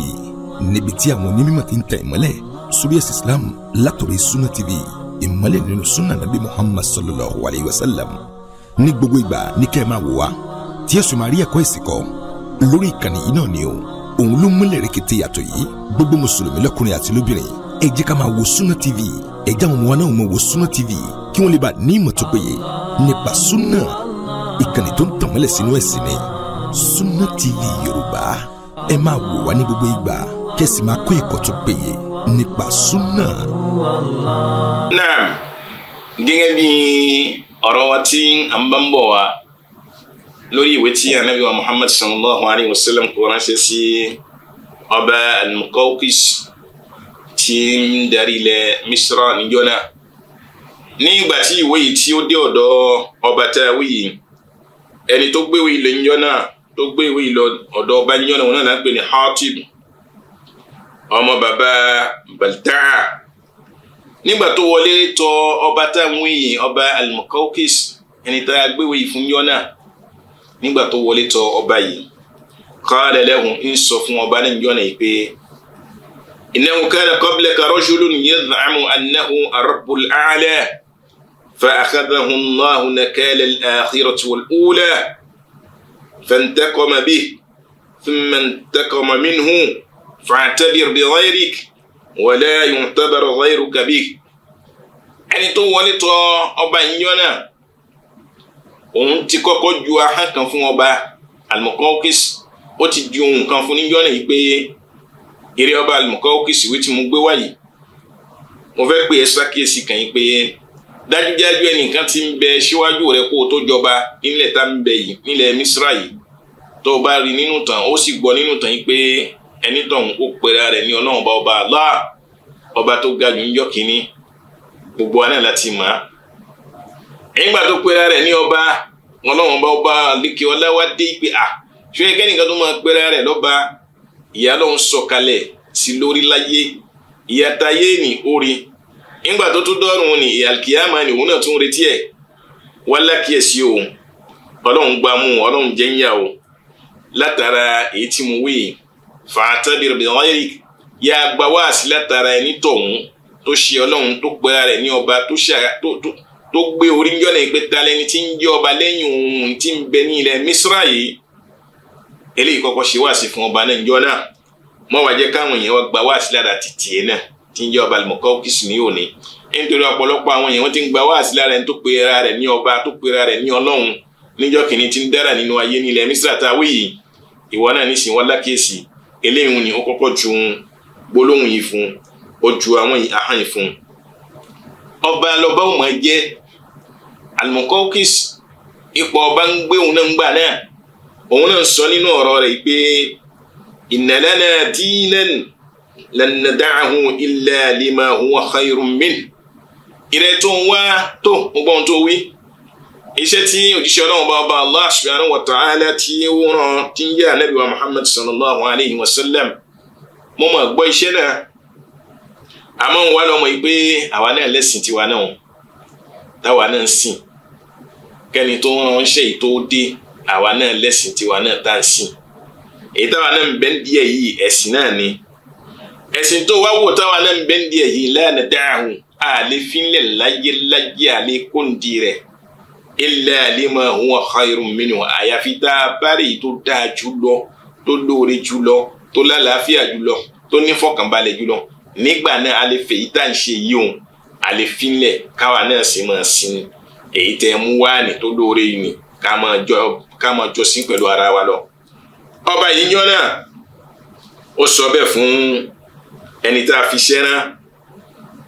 níbi tí àwọn onímọ̀ ti ń tẹ̀ ìmọ́lẹ̀ sórí Islam látọ̀rọ̀ Sunna TV ìmọ́lẹ̀ nínú sunna nabi Muhammad sallallahu alayhi wa sallam ní gbogbo ìgbà ní kẹ́ ẹ máa wò wá tí ẹ sì máa rí ẹ̀kọ́ ẹ̀sìn kọ́ lórí ìkànnì yìí náà ni o òun ló múlẹ̀ rẹ̀kẹ̀tẹ̀ yàtọ̀ yìí gbogbo mùsùlùmí lọ́kùnrin àti lóbìnrin ẹ jẹ́ ká máa wo Sunna TV ẹ jẹ́ àwọn ọmọ wa náà máa wo Sunna TV kí wọ́n lè bá ní ìmọ̀ tó péye nípa sunna ìkànnì tó ń tàn mọ́lẹ̀ sínú ẹ̀sìn ni Sunna TV Yorùbá ẹ máa wò wá ní gbogbo ìgbà kẹ́sì máa kó ẹ̀kọ́ tó péye nípa Sunna. náà gẹ́gẹ́ bí ọ̀rọ̀ wa tí a ń bá ń bọ̀ wá lórí ìwé tí anabi wa Muhammad sallallahu alayhi wa sallam kò ránṣẹ́ sí ọba al-Muqawqis tí ń darí ilẹ̀ Misra níjọ́ náà ní ìgbà tí ìwé yìí tí ó dé ọ̀dọ̀ ọba tá a wí yìí ẹni tó gbéwé ilẹ̀ ń yọ náà tó gbéwé ilẹ̀ ọ̀dọ̀ ọba ń yọ náà wọn náà lápè ní Hatib ọmọ bàbá Baltaa nígbà tó wọlé tọ ọba táwọn yìí ọba Al-Muqawqis ẹni tá a gbéwé ìfún yọ náà nígbà tó wọlé tọ ọba yìí qala lahum ń sọ fún ọba ní yọ náà pé innahu kana qablaka rajulun yad'amu annahu ar-rabbul a'la. فأخذه الله نكال الآخرة والأولى فانتقم به ثم انتقم منه فاعتبر بغيرك ولا يعتبر غيرك به ẹni tó wọlé tọ̀ ọba yíyọ náà òun ti kọ́kọ́ ju ahọ́n kan fún ọba almukawkis ó ti ju ohun kan fún níjọ́ náà yìí pé eré ọba almukawkis wí mo gbé wáyé mo fẹ́ pè é sákìyèsí kan yìí pé. dájúdájú ẹnìkan ti ń bẹ ṣíwájú rẹ kó o tó jọba nílẹ̀ tá ń bẹ yìí nílẹ̀ misra yìí tó o bá rí nínú tàn ó sì gbọ́ nínú tàn yìí pé ẹni rẹ̀ ní ọlọ́run ọba ọba ọba tó ga jù ń gbogbo láti mọ̀ á tó pera ọba ọlọ́run ọba pé à ṣé tó máa pera lọ́ba ìyá lọ́hún sọ̀kalẹ̀ sí lórí láyé ńgbà tó tún dọ́rùn ni alkiyama ni òun náà tún retí ẹ̀ wá lákìyèsí o ọlọ́run gbá mú ọlọ́run jẹ́ ń yà o látara èyí tí mo wí fàtàbí rẹ̀bìrì yà gba wáàsí látara ẹni tọ̀hún tó ṣe ọlọ́run tó gbé rẹ̀ ní ọba tó gbé orí ń jọ́nà ìpè ta lẹni tí ń jẹ́ ọba lẹ́yìn òun tí ń bẹ ní ilẹ̀ misra yìí eléyìí kọ́kọ́ ṣe wáàsí fún ọba náà ń náà mọ́ wàá jẹ́ káwọn èèyàn wá gba wáàsí lára títì yẹn náà tí ń jẹ́ ọba Al-Muqawqis ní òní nítorí ọ̀pọ̀lọpọ̀ àwọn èèyàn ti ń gba wáàsí lára ẹni tó pera rẹ̀ ní ọba tó pera rẹ̀ ní ọlọ́run níjọ́ kìíní ti ń dára nínú ayé nílẹ̀ Misra tá a wí yìí ìwọ náà nísìnyí wọn lákèsì eléyìí ni ó kọ́kọ́ ju gbólóhùn yìí fún ó ju àwọn àhán yìí fún ọba lọba ò máa jẹ́ Al-Muqawqis ipò ọba ń gbé òun náà ń gbà náà òun náà sọ nínú ọ̀rọ̀ rẹ̀ pé inna lana dinan lan nada'ahu illa lima huwa khayrun min ìrẹ́ tó ń wá tó mo gbọ́n tó wí iṣẹ́ tí òjíṣẹ́ ọlọ́run bá ọba Allah subhanahu wa ta'ala tí ó rán tí ń yé ànábì wa Muhammad sallallahu alayhi wa sallam mo mọ̀ gbọ́ iṣẹ́ náà àmọ́ wà lọ́mọ yìí pé àwa náà lẹ́sìn tiwa náà táwa náà sìn kẹ́ni tó ń rán iṣẹ́ yìí tó àwa náà lẹ́sìn tiwa náà tá à sìn èyí táwa náà ń bẹ́ẹ̀ díẹ̀ yìí ẹ̀sìn náà ni ẹ̀sìn tó wá wò táwọn náà ń bẹ́ ń di ẹ̀yìn lánàá dáhùn àlè fínlẹ̀ láyé láyé àlè kóńdì rẹ̀ ilẹ̀ àlè máa ń wọ́n khairun minhu àyàfi tá a bá rèé tó dáa jùlọ tó lóore jùlọ tó lálàáfíà jùlọ tó ní fọkànbalẹ̀ jùlọ nígbà náà a lè fèyí tá à ń ṣe yìí òun a fínlẹ̀ káwa náà sì máa sin èyí tẹ́ mú wá ní tó lóore ni ká máa jọ sí pẹ̀lú ara wa lọ. ọba yìí yọ náà ó sọ bẹ́ẹ̀ fún ẹni tá a fi ṣẹ́ rán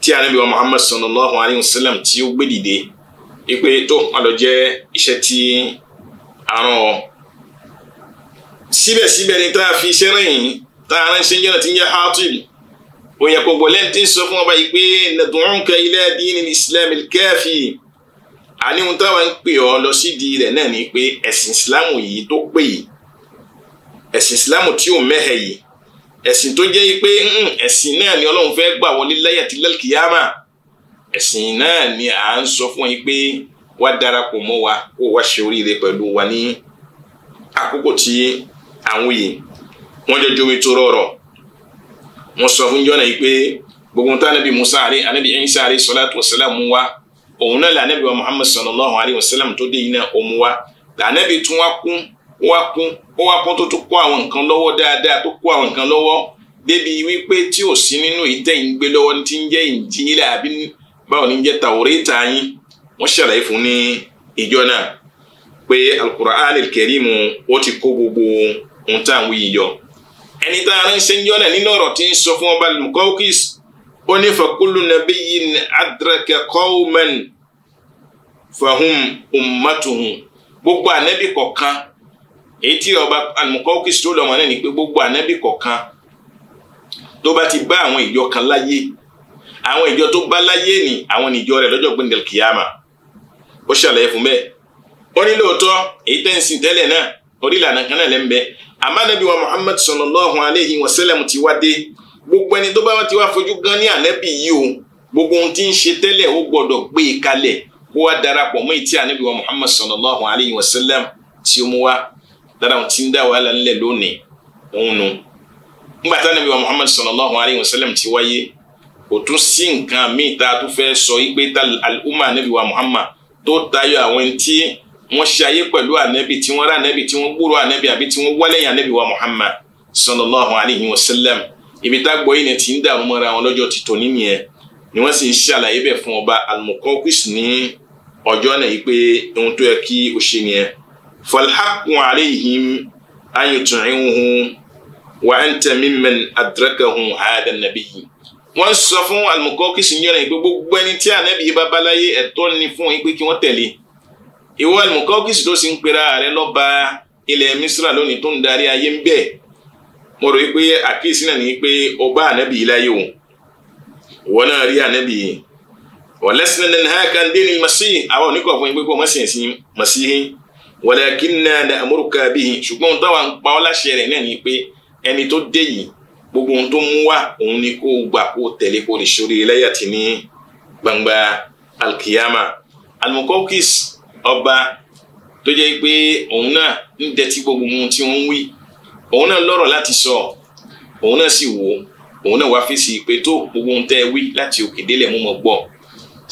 tí anabi wa muhammad sallallahu alayhi wa sallam tí ó gbé dìde ipe tó má lọ jẹ́ iṣẹ́ tí àrùn ọ síbẹ̀síbẹ̀ ni tá a fi ṣẹ́ rán yìí tá a rán ṣe ń jẹ́ náà ti ń jẹ́ Hatib òyìn àpò gbọ̀lẹ́ ti ń sọ fún ọba yìí pé nàdùnúnkà ila islam al àníhun táwa ń pè ọ lọ sídìí rẹ̀ náà ni pé ẹ̀sìn islam yìí tó pè yìí ẹ̀sìn islam tí ò mẹ́hẹ̀ yìí ẹ̀sìn tó jẹ́ pé hmm, ẹ̀sìn náà ni ọlọ́run fẹ́ gbà wọlé láyà tí lẹ́kìyàmà ẹ̀sìn náà ni à ń sọ fún yín pé wá darapọ̀ mọ́ wa kó wá ṣe oríire pẹ̀lú wa ní àkókò tí àwọn yìí wọ́n jọ jomi tó rọrọ̀ wọ́n sọ fún jọ́nà yìí pé gbogbo tá anabi musa àrí anabi isa àrí salatu wasalam wa òun náà lànàbí wa muhammad sallallahu alayhi wa sallam tó dé yìí náà ó mú wa lànàbí tún wá kún ó wá kún ó wá kún tó tún kó àwọn nǹkan lọ́wọ́ dáadáa tó kó àwọn nǹkan lọ́wọ́ débi wípé tí ò sí nínú ìtẹ̀yìn gbé lọ́wọ́ ti ń jẹ́ Injila àbí báwo ni ń jẹ́ Tawreta yín wọ́n ṣàlàyé fún ní ìjọ náà pé Al-Qur'an al-Karim ó ti kó gbogbo ohun tá à ń wí yìí yọ ẹni tá a ránṣẹ́ ń jọ náà nínú ọ̀rọ̀ tí ń sọ fún ọba al ó ní fakulu nabiyyin adraka qawman fahum ummatuhum gbogbo ànábì kọ̀ọ̀kan èyí ọba àlùmọ́kọ́kì sọ́lọ́ ọmọ náà ni pé gbogbo ànábì kọ̀ọ̀kan tó bá ti bá àwọn ìjọ kan láyé àwọn ìjọ tó bá láyé ni àwọn ìjọ rẹ̀ lọ́jọ́ gbẹ̀ndẹ̀l kìyàmà ó ṣàlàyé fún bẹ́ẹ̀ ó ní lóòótọ́ èyí tẹ́ ń sin tẹ́lẹ̀ náà orí ìlànà kan náà lẹ́ àmọ́ ànábì wa Muhammad sallallahu alayhi wa sallam ti wá dé gbogbo ẹni tó bá ti wá fojú gan ní ànábì yìí o gbogbo ohun tí ń ṣe tẹ́lẹ̀ ó gbọ́dọ̀ gbé e kalẹ̀ kó wá darapọ̀ mọ́ ìtí ànábì wa Muhammad sallallahu alayhi wa sallam tí ó mú wá lára àwọn tí ń dá wàhálà ńlẹ̀ lónìí òun nu nígbà wa muhammad sallallahu alayhi wa sallam ti wáyé kò tún sí nǹkan míì tá a fẹ́ sọ ipe ta al'umma nàbí wa muhammad tó tayọ àwọn tí wọ́n ṣe ayé pẹ̀lú ànábì tí wọ́n rá ànábì tí wọ́n gbúrò ànábì àbí tí wọ́n wálẹ̀yìn ànábì wa muhammad sallallahu alayhi wa sallam ibi tá gbọ́ yìí ni ti ń dààmú mọ́ra wọn lọ́jọ́ ti tò níyẹn ni wọ́n sì ń ṣàlàyé bẹ̀ fún ọba almukokwis ní ọjọ́ náà yìí pé ohun tó yẹ kí o ṣe nìyẹn فالحق عليهم أن يطيعوه وأنت ممن أدركه هذا النبي wọ́n sọ fún almukokis yẹn rẹ̀ pé gbogbo ẹni tí ànábì yìí bá báláyé ẹ̀tọ́ ni fún yín pé kí wọ́n tẹ̀lé ìwọ almukokis tó sì ń pera rẹ̀ lọ́ba ilẹ̀ misra lónìí tó ń darí ayé ń bẹ̀ mo rò pé àkíyèsí náà ni pé ọba ànábì yìí láyé o wọ́n náà rí ànábì yìí wọ́n lẹ́sìn ní hàn kan dé ní masihi àwọn oníkọ̀ọ̀fún yín kó o má sìn sí masihi walakinna na'muruka bihi ṣùgbọ́n táwa ń pa ọ́ láṣẹ náà ni pé ẹni tó dé yìí gbogbo ohun tó mú wá òun ni kó gbà kó tẹ̀lé kó lè ṣorí lẹ́yà tí ní gbangba alkiyama almukokis ọba tó jẹ́ pé òun náà ń dẹ́tí gbogbo ohun tí wọ́n ń wí òun náà lọ́rọ̀ láti sọ òun náà sì wò òun náà wá fèsì pé tó gbogbo ohun tẹ́ wí láti òkè délẹ̀ mú mọ́ gbọ́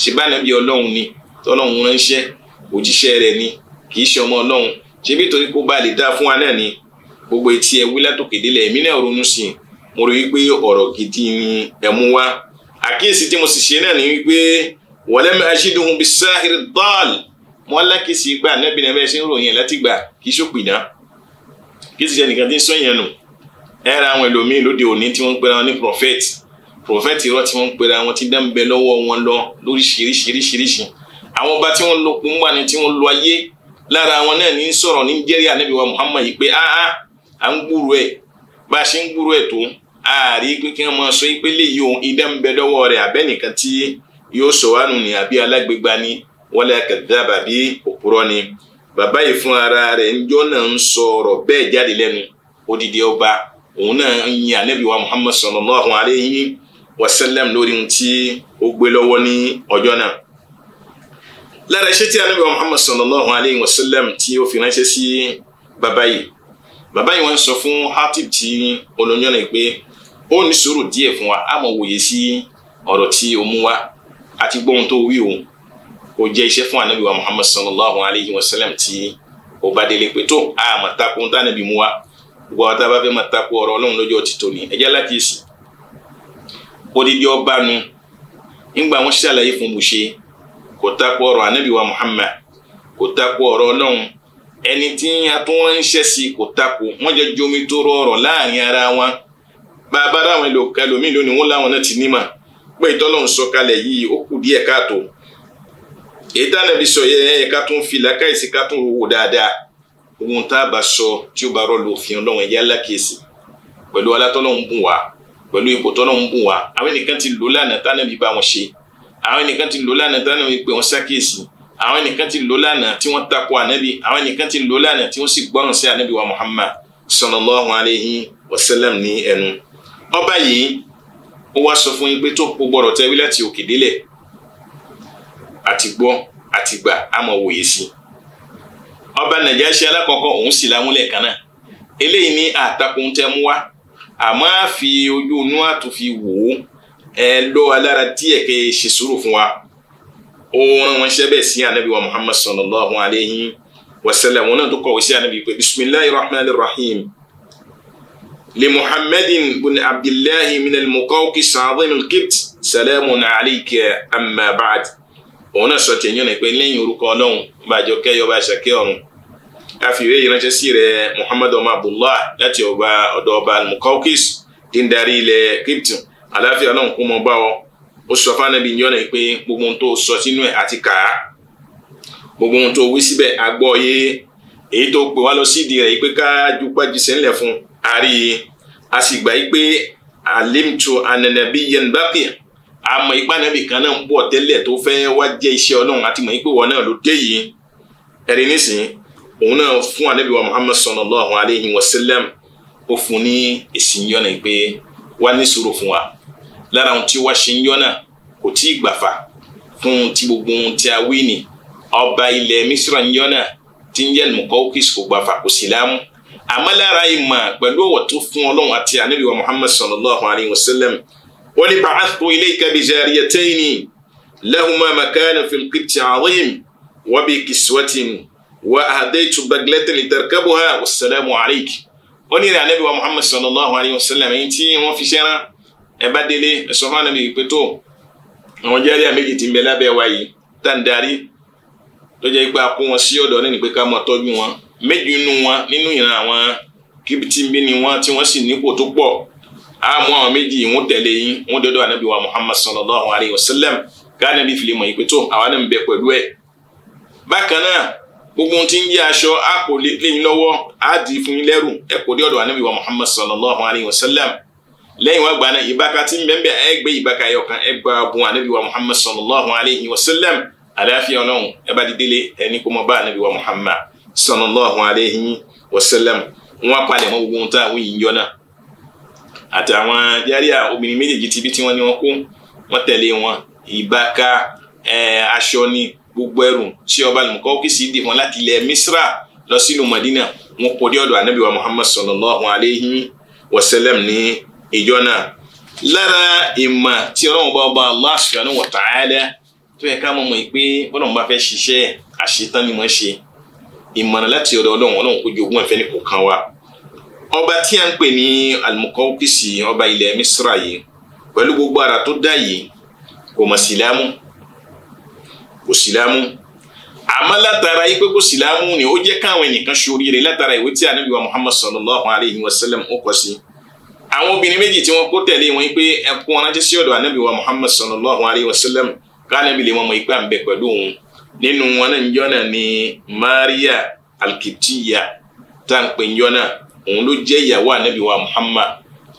ṣèbánabi ọlọ́run ni tọ́lọ́run ránṣẹ́ òjíṣẹ́ rẹ̀ ni kì í ṣe ọmọ ọlọ́run ṣé bí torí kó bá lè dáa fún wa náà ni gbogbo etí ẹ wí látòkè délẹ̀ èmi náà ronú sí i mo rí wípé ọ̀rọ̀ gidi ni ẹ mú wá àkíyèsí tí mo sì ṣe náà ni wípé wọlẹ́mi aṣídùn bíi sáhìrì dọ́ọ̀lù wọn lákèsí gbà nẹ́bí nẹ́bí ẹ ṣe ń ròyìn láti gbà kì í ṣòpìnà kì í ṣe nìkan tí ń sọ̀yìn ẹnu ẹ ra àwọn ẹlòmíín lóde òní tí wọ́n ń pera wọn ní prophet prophet irọ́ tí wọ́n ń pera wọn ti dá ń bẹ lọ́wọ́ wọn lọ lóríṣiríṣiríṣiríṣi àwọn ọba tí wọ́n lo kùnbà ni tí wọ́n lo ayé lára àwọn náà ní sọ̀rọ̀ ní jẹ́rìí ànábì wa Muhammad yìí pé áá ah, ah, à ń gbúrú ẹ̀ bá a ṣe ń gbúrú ẹ̀ tó ààrí pé kí wọ́n máa sọ pé léyìí ohun idá ń bẹ lọ́wọ́ rẹ̀ àbẹ́nìkan tí yóò sọ wá nù ní àbí alágbègbà ni wala kadhaba bí òpùrọ́ ni bàbá yìí fún ara rẹ̀ njọ́ náà ń sọ̀rọ̀ bẹ́ẹ̀ jáde lẹ́nu odidi ọba òun náà ń yin ànábì wa Muhammad sallallahu alayhi wa sallam lórí ohun tí ó gbé lọ́wọ́ ní ọjọ́ náà lára iṣẹ́ tí anábìwá muhammad sallallahu alayhi wa sallam tí ó fi ránṣẹ́ sí bàbá yìí bàbá yìí wọ́n sọ fún hatib tí olóyún náà pé ó ní sùúrù díẹ̀ fún wa á mọ̀ wòye sí ọ̀rọ̀ tí o mú wa àti gbóhun tó wí o kò jẹ́ iṣẹ́ fún anábìwá muhammad sallallahu alayhi wa sallam tí ó bá délé pé tó àmọ̀ takò ń tànàbí mú wa gbogbo àwọn tá fẹ́ máa takò ọ̀rọ̀ ọlọ́run lọ́jọ́ ti tòní ẹ̀jẹ̀ láti èsì odidi ọba nu ńgbà wọn ṣàlàyé fún bùṣe kò takò ọ̀rọ̀ anabi wa muhammad kò takò ọ̀rọ̀ Ọlọ́run ẹni tí a tún ránṣẹ́ sí kò takò wọn jẹ jomi tó rọrọ láàrin ara wọn bàbá àwọn ẹlòmíì lónìí wọn láwọn náà ti nímà pé ìtọ́lọ́run sọ kalẹ̀ yìí ó kù díẹ̀ káàtó èyí tá nàbí sọ yẹ ká tún fi làkàyèsí ká tún wò dáadáa ohun tá a bá sọ tí ó bá rọlò òfin Ọlọ́run ẹ̀yà lákèsì pẹ̀lú alátọ́lọ́run bùn wá pẹ̀lú ipò tọ́lọ́run bùn wá àwọn ẹnìkan ti lò lánàá tá nàbí bá wọn ṣe àwọn ẹnìkan ti lò lánàá tí wọn pè wọn ṣàkíyèsí àwọn ẹnìkan ti lò lánàá tí wọn takò ànábì àwọn ẹnìkan ti lò lánàá tí wọn sì gbọràn sí ànábì wa Muhammad sallallahu alayhi wa sallam ní ẹnu ọba yìí ó wá sọ fún yín pé tó kó gbọ́dọ̀ tẹ wí láti òkè délẹ̀ àti gbọ́ àti gbà á mọ wòye sí i ọba Nàjáṣì alákọ̀ọ́kọ́ òun sì lámúlẹ̀ kan náà eléyìí ní àtakùn tẹ wá àmọ́ àfi ojú inú àtúnfi wò ó ẹ lọ alára díẹ̀ kẹ́ ẹ ṣe sùúrù fún wa ó wọn ṣẹ́ bẹ́ẹ̀ sí anabi wa muhammad sallallahu alayhi wa sallam wọn náà tó kọ̀wé sí anabi pé bisimilahi rahman rahim li muhammadin bin abdullahi min al-mukawki sa'adhin al-kibt salamun alayka amma ba'd òun náà sọ tiẹ̀ yẹn náà pé lẹ́yìn orúkọ ọlọ́run bàjọ́ kẹ́yọ́ bá ṣàkẹ́ ọ̀run àfihàn yìí ránṣẹ́ sí rẹ̀ muhammad ọmọ abdullah láti ọba ọ̀dọ̀ ọba al-mukawkis tí ilẹ̀ kíptì àlàáfíà náà kó mọ bá ọ ó sọ fún anabi ní ọ̀nà pé gbogbo ohun tó sọ sínú ẹ̀ àti kà á gbogbo ohun tó wí síbẹ̀ àgbọ̀ yé èyí tó pè wá lọ sí ìdí rẹ̀ pé ká dúpẹ́ jìṣẹ́ ńlẹ̀ fún àárí a sì gbà pé alimtu ananabi yenbaki àmọ́ ipá anabi kan náà ń bọ̀ tẹ́lẹ̀ tó fẹ́ wá jẹ́ iṣẹ́ ọlọ́run àti mọ̀ pé wọn náà ló dé yìí ẹ̀rí nísìnyí òun náà fún anabi wa muhammad sallallahu alayhi wa sallam ó fún ní èsì yọ̀nà pé wá ní sùúrù fún wa lára ohun tí wá ṣe ń yọ́nà kò tí ì gbàfà fún ti gbogbo ohun tí a wí ni ọba ilẹ̀ misra ń yọ́nà tí ń yẹnu kọ́kís kò gbàfà kò sì láàmú àmọ́ lára ìmọ̀ pẹ̀lú ọ̀wọ̀ tó fún ọlọ́run àti ànábì wa sallallahu alayhi wa sallam wọ́n ní ba'athu ilayka bi jariyatayni lahuma makana fil qibti azim wa bi kiswatin wa ahdaytu baglatan litarkabuha wassalamu alayk ó ní ìrìn ànábì wa muhammad sallallahu alayhi wa sallam èyí tí wọ́n fi ṣẹ́ rán ẹ bá délé ẹ sọ fún ànábì pé tó àwọn jẹ́rìí àméjì tí ń bẹ lábẹ́ wa yìí tá ń darí tó jẹ́ pé a kó wọn sí ọ̀dọ̀ ní nípe ká máa tọ́jú wọn méjì nínú wọn nínú ìran àwọn kíbitìmbí ni wọn tí wọ́n sì nípò tó pọ̀ á mú àwọn méjì wọn tẹ̀lé yín wọn dọ́dọ̀ ànábì wa muhammad sallallahu alayhi wa sallam ká ànábì fìlẹ̀ mọ̀ yìí pé tó àwa náà ń bẹ pẹ̀lú ẹ̀ gbogbo ohun tí ń yí aṣọ á kò léyìn lọ́wọ́ á di fún yín lẹ́rù ẹ kò dé ọ̀dọ̀ ànábì wa muhammad sallallahu alayhi wa sallam lẹ́yìn wá gbà náà ìbáka tí ń bẹ́ẹ̀ ẹ gbé ìbáka yọ kan ẹ gba bun ànábì wa muhammad sallallahu alayhi wa sallam àdáfíà ọlọ́run ẹ bá dídélé ẹni kó mọ bá ànábì wa muhammad sallallahu alayhi wa sallam wọn palẹ̀ mọ́ gbogbo ohun tá àwọn yìí yọ náà àtàwọn yàrá obìnrin méjèèjì tibí tí gbogbo ẹrù tí ọba lùmùkọ́ kì í sì dì wọn láti ilẹ̀ misra lọ sínú madina wọn kò dé ọ̀dọ̀ anabi wa muhammad sallallahu alayhi wa sallam ní ìjọ náà lára ìmọ̀ tí ọlọ́run bá ọba allah subhanahu wa ta'ala tó yẹ ká mọ̀ mọ̀ pé bọ́dọ̀ bá fẹ́ ṣiṣẹ́ àṣetán ni wọ́n ṣe ìmọ̀ràn láti ọ̀dọ̀ ọlọ́run ọlọ́run kò ju ogún ẹ̀fẹ́ ní kò kan wa ọba tí a ń pè ní almukawkisi ọba ilẹ̀ misra yìí pẹ̀lú gbogbo ara tó dá yìí kò mọ̀ sílámù kò sílámù àmọ́ látara yìí pé kò sílámù ni ó jẹ́ káwọn ẹnìkan ṣoríire látara ìwé tí anabi wa muhammad sallallahu alayhi wa sallam ó kọ sí àwọn obìnrin méjì tí wọ́n kó tẹ̀lé wọn pé ẹkún wọn rántí sí ọ̀dọ̀ anabi wa muhammad sallallahu alayhi wa sallam kánabi lè wọn mọ ipa nbẹ pẹ̀lú òun nínú wọn náà njọ́ náà ni maria alkitiya tá à ń pè njọ́ òun ló jẹ́ ìyàwó anabi wa muhammad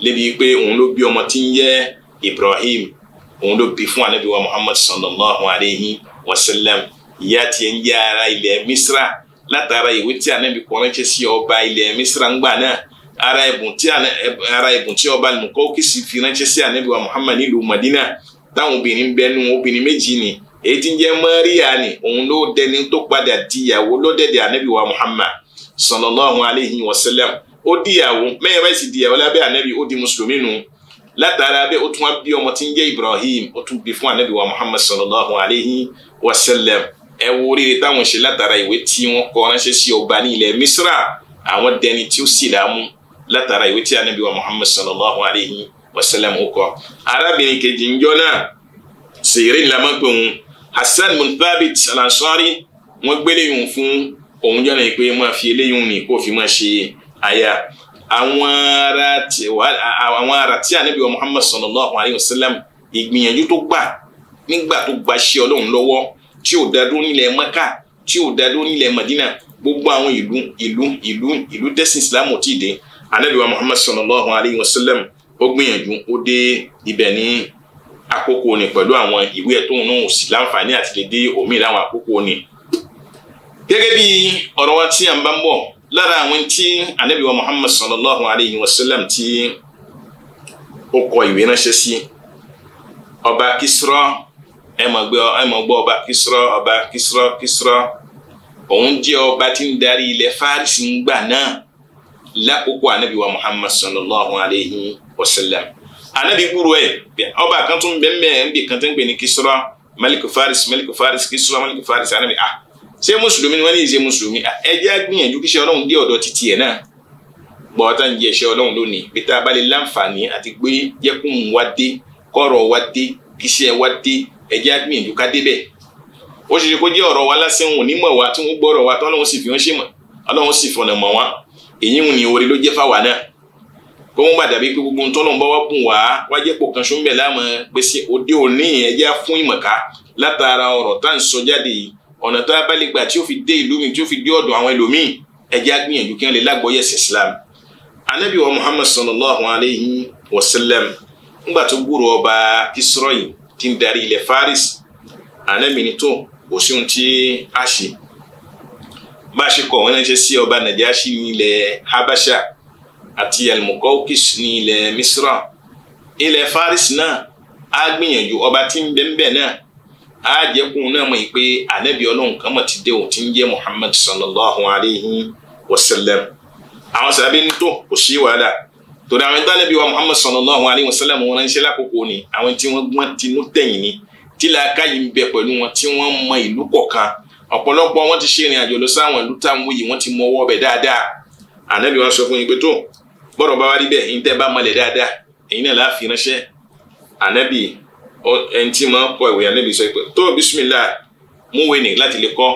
lébi pé òun ló bí ọmọ tí ń jẹ́ ibrahim òun ló bí fún anabi wa muhammad sallallahu alayhi wa sallam wasalam ìyá tiẹ̀ ń yá ara ilẹ̀ misra látara ìwé tí anabi kọ ránṣẹ́ sí ọba ilẹ̀ misra ńgbà náà ara ẹ̀bùn tí ara ẹ̀bùn tí ọba Mukawqisi fi ránṣẹ́ sí anabi wa muhammad nílùú madina táwọn obìnrin bẹnu obìnrin méjì ni èyí tí ń jẹ́ Maria ni òun ló dẹni tó padà dìyàwó lọ́dẹ̀dẹ̀ anabi wa muhammad sallallahu alayhi wa sallam ó dìyàwó mẹ́rin bá sì dìyàwó lábẹ́ anabi ó di mùsùlùmí nù. No látara bẹ́ẹ̀ ó tún wá bí ọmọ tí ń jẹ́ Ibrahim ó tún bí fún anabi wa Muhammad sallallahu alayhi wa sallam ẹ wo oríire táwọn ṣe látara ìwé tí wọ́n kọ ránṣẹ́ sí ọba ní ilẹ̀ Misra àwọn dẹni tí ó sì láàmú látara ìwé tí anabi wa Muhammad sallallahu alayhi wa sallam ó kọ arábìnrin kejì ń jọ náà sèré lamọ́ pé òun Hassan bin Thabit Al-Ansari wọ́n gbélé yòó fún òun jọ́nà yìí pé máa fi eléyìí nì kó fi máa ṣe aya àwọn ara tí a ara tí wa Muhammad sallallahu alayhi wa sallam ìgbìyànjú tó gbà nígbà tó gbaṣẹ́ Ọlọ́run lọ́wọ́ tí ò dá dúró nílẹ̀ Mẹ́kà tí ò dá dúró nílẹ̀ Madina gbogbo àwọn ìlú ìlú ìlú ìlú tẹ̀sìn Islam ò tí ì dé ànábì Muhammad sallallahu alayhi wa sallam ó gbìyànjú ó dé ibẹ̀ ní àkókò ni pẹ̀lú àwọn ìwé ẹ̀ tóun náà sì láǹfààní àti lè dé òmíì láwọn àkókò ni. gẹ́gẹ́ bí ọ̀rọ̀ wa tí à ń bá ń bọ̀ lára àwọn tí anabi wa muhammad sallallahu alayhi wa sallam tí ó kọ ìwé ránṣẹ́ sí ọba kisra ẹ mọ̀ gbọ́ ẹ mọ̀ gbọ́ ọba kisra ọba kisra kisra òun jẹ́ ọba tí ń darí ilẹ̀ fárísì ńgbà náà lákòókò anabi wa muhammad sallallahu alayhi wa sallam anabi gbúrò ẹ ọba kan tún bẹ́ẹ̀ mẹ́ẹ̀ ń bì kan tó ń pè ní kisra malik faris malik faris kisra malik faris anabi ah ṣé mùsùlùmí ni wọ́n ní ìṣe mùsùlùmí ẹ jẹ́ gbìyànjú kíṣẹ́ ọlọ́run dé ọ̀dọ̀ títí ẹ̀ náà gbọ́dọ̀ ń jẹ́ iṣẹ́ ọlọ́run lónìí bí tá a bá lè láǹfààní àti gbé jẹ́kùn wa dé kọ́rọ̀ wa dé kíṣẹ́ wa dé ẹ jẹ́ gbìyànjú ká débẹ̀ ó ṣe ṣe kó jẹ́ ọ̀rọ̀ wa lásán òun onímọ̀ wa tí wọ́n gbọ́rọ̀ wa tọ́lọ́run sì fi wọ́n ṣe mọ̀ ọlọ́run sì fọ̀nà mọ̀ wọn èyí ń ní orí ló jẹ́ fáwa náà kó wọ́n gbàdá bí pé gbogbo ń bá wá bùn wá wá jẹ́ pò kan ṣó ń bẹ̀ láàmú pé òde òní ẹ fún ìmọ̀ká látara ọ̀rọ̀ tá à ń sọ jáde yìí ọ̀nà tó abá lè gbà tí ó fi dé ìlú mi tí ó fi dé ọ̀dọ̀ àwọn ẹlòmíì ẹ̀jẹ̀ agbìyànjú kí wọ́n lè lágbọ́yé sí islam anabi wa muhammad sallallahu alayhi wa sallam ńgbà tó gbúrò ọba israel ti ń darí ilẹ̀ faris anabi ni tó kò sí ohun tí a ṣe bá a ṣe kọ̀ wọ́n ránṣẹ́ sí ọba najashi ní ilẹ̀ habasha àti almukaukis ní ilẹ̀ misra ilẹ̀ faris náà a ọba tí ń bẹ́ẹ̀ náà á jẹ́ kóun náà mọ̀ yìí pé ànábì ọlọ́run kan mọ̀ ti dé òun ti ń jẹ́ Muhammad sallallahu alayhi wa sallam àwọn sàbẹ̀ ní tó kò sí wàhálà torí àwọn ìtàn ànábì wa Muhammad sallallahu alayhi wa sallam wọn ránṣẹ́ lákòókò ni àwọn tí wọ́n gbọ́n tinú tẹ̀yìn ni tí làákàyè ń bẹ pẹ̀lú wọn tí wọ́n mọ ìlú kọ̀ọ̀kan ọ̀pọ̀lọpọ̀ wọn ti ṣe ìrìn àjò lọ sáwọn ìlú táwọn yìí wọ́n ti mọ ọwọ́ bẹ̀ dáadáa ànábì wa sọ fún yín pé tó gbọ́dọ̀ bá wá rí bẹ́ẹ̀ yín tẹ́ bá mọlẹ̀ dáadáa èyí náà láàfin ránṣẹ́ ànábì ẹnití máa ń kọ ìwé ànábì sọ pé tó bisimilá mú wé ní láti lè kọ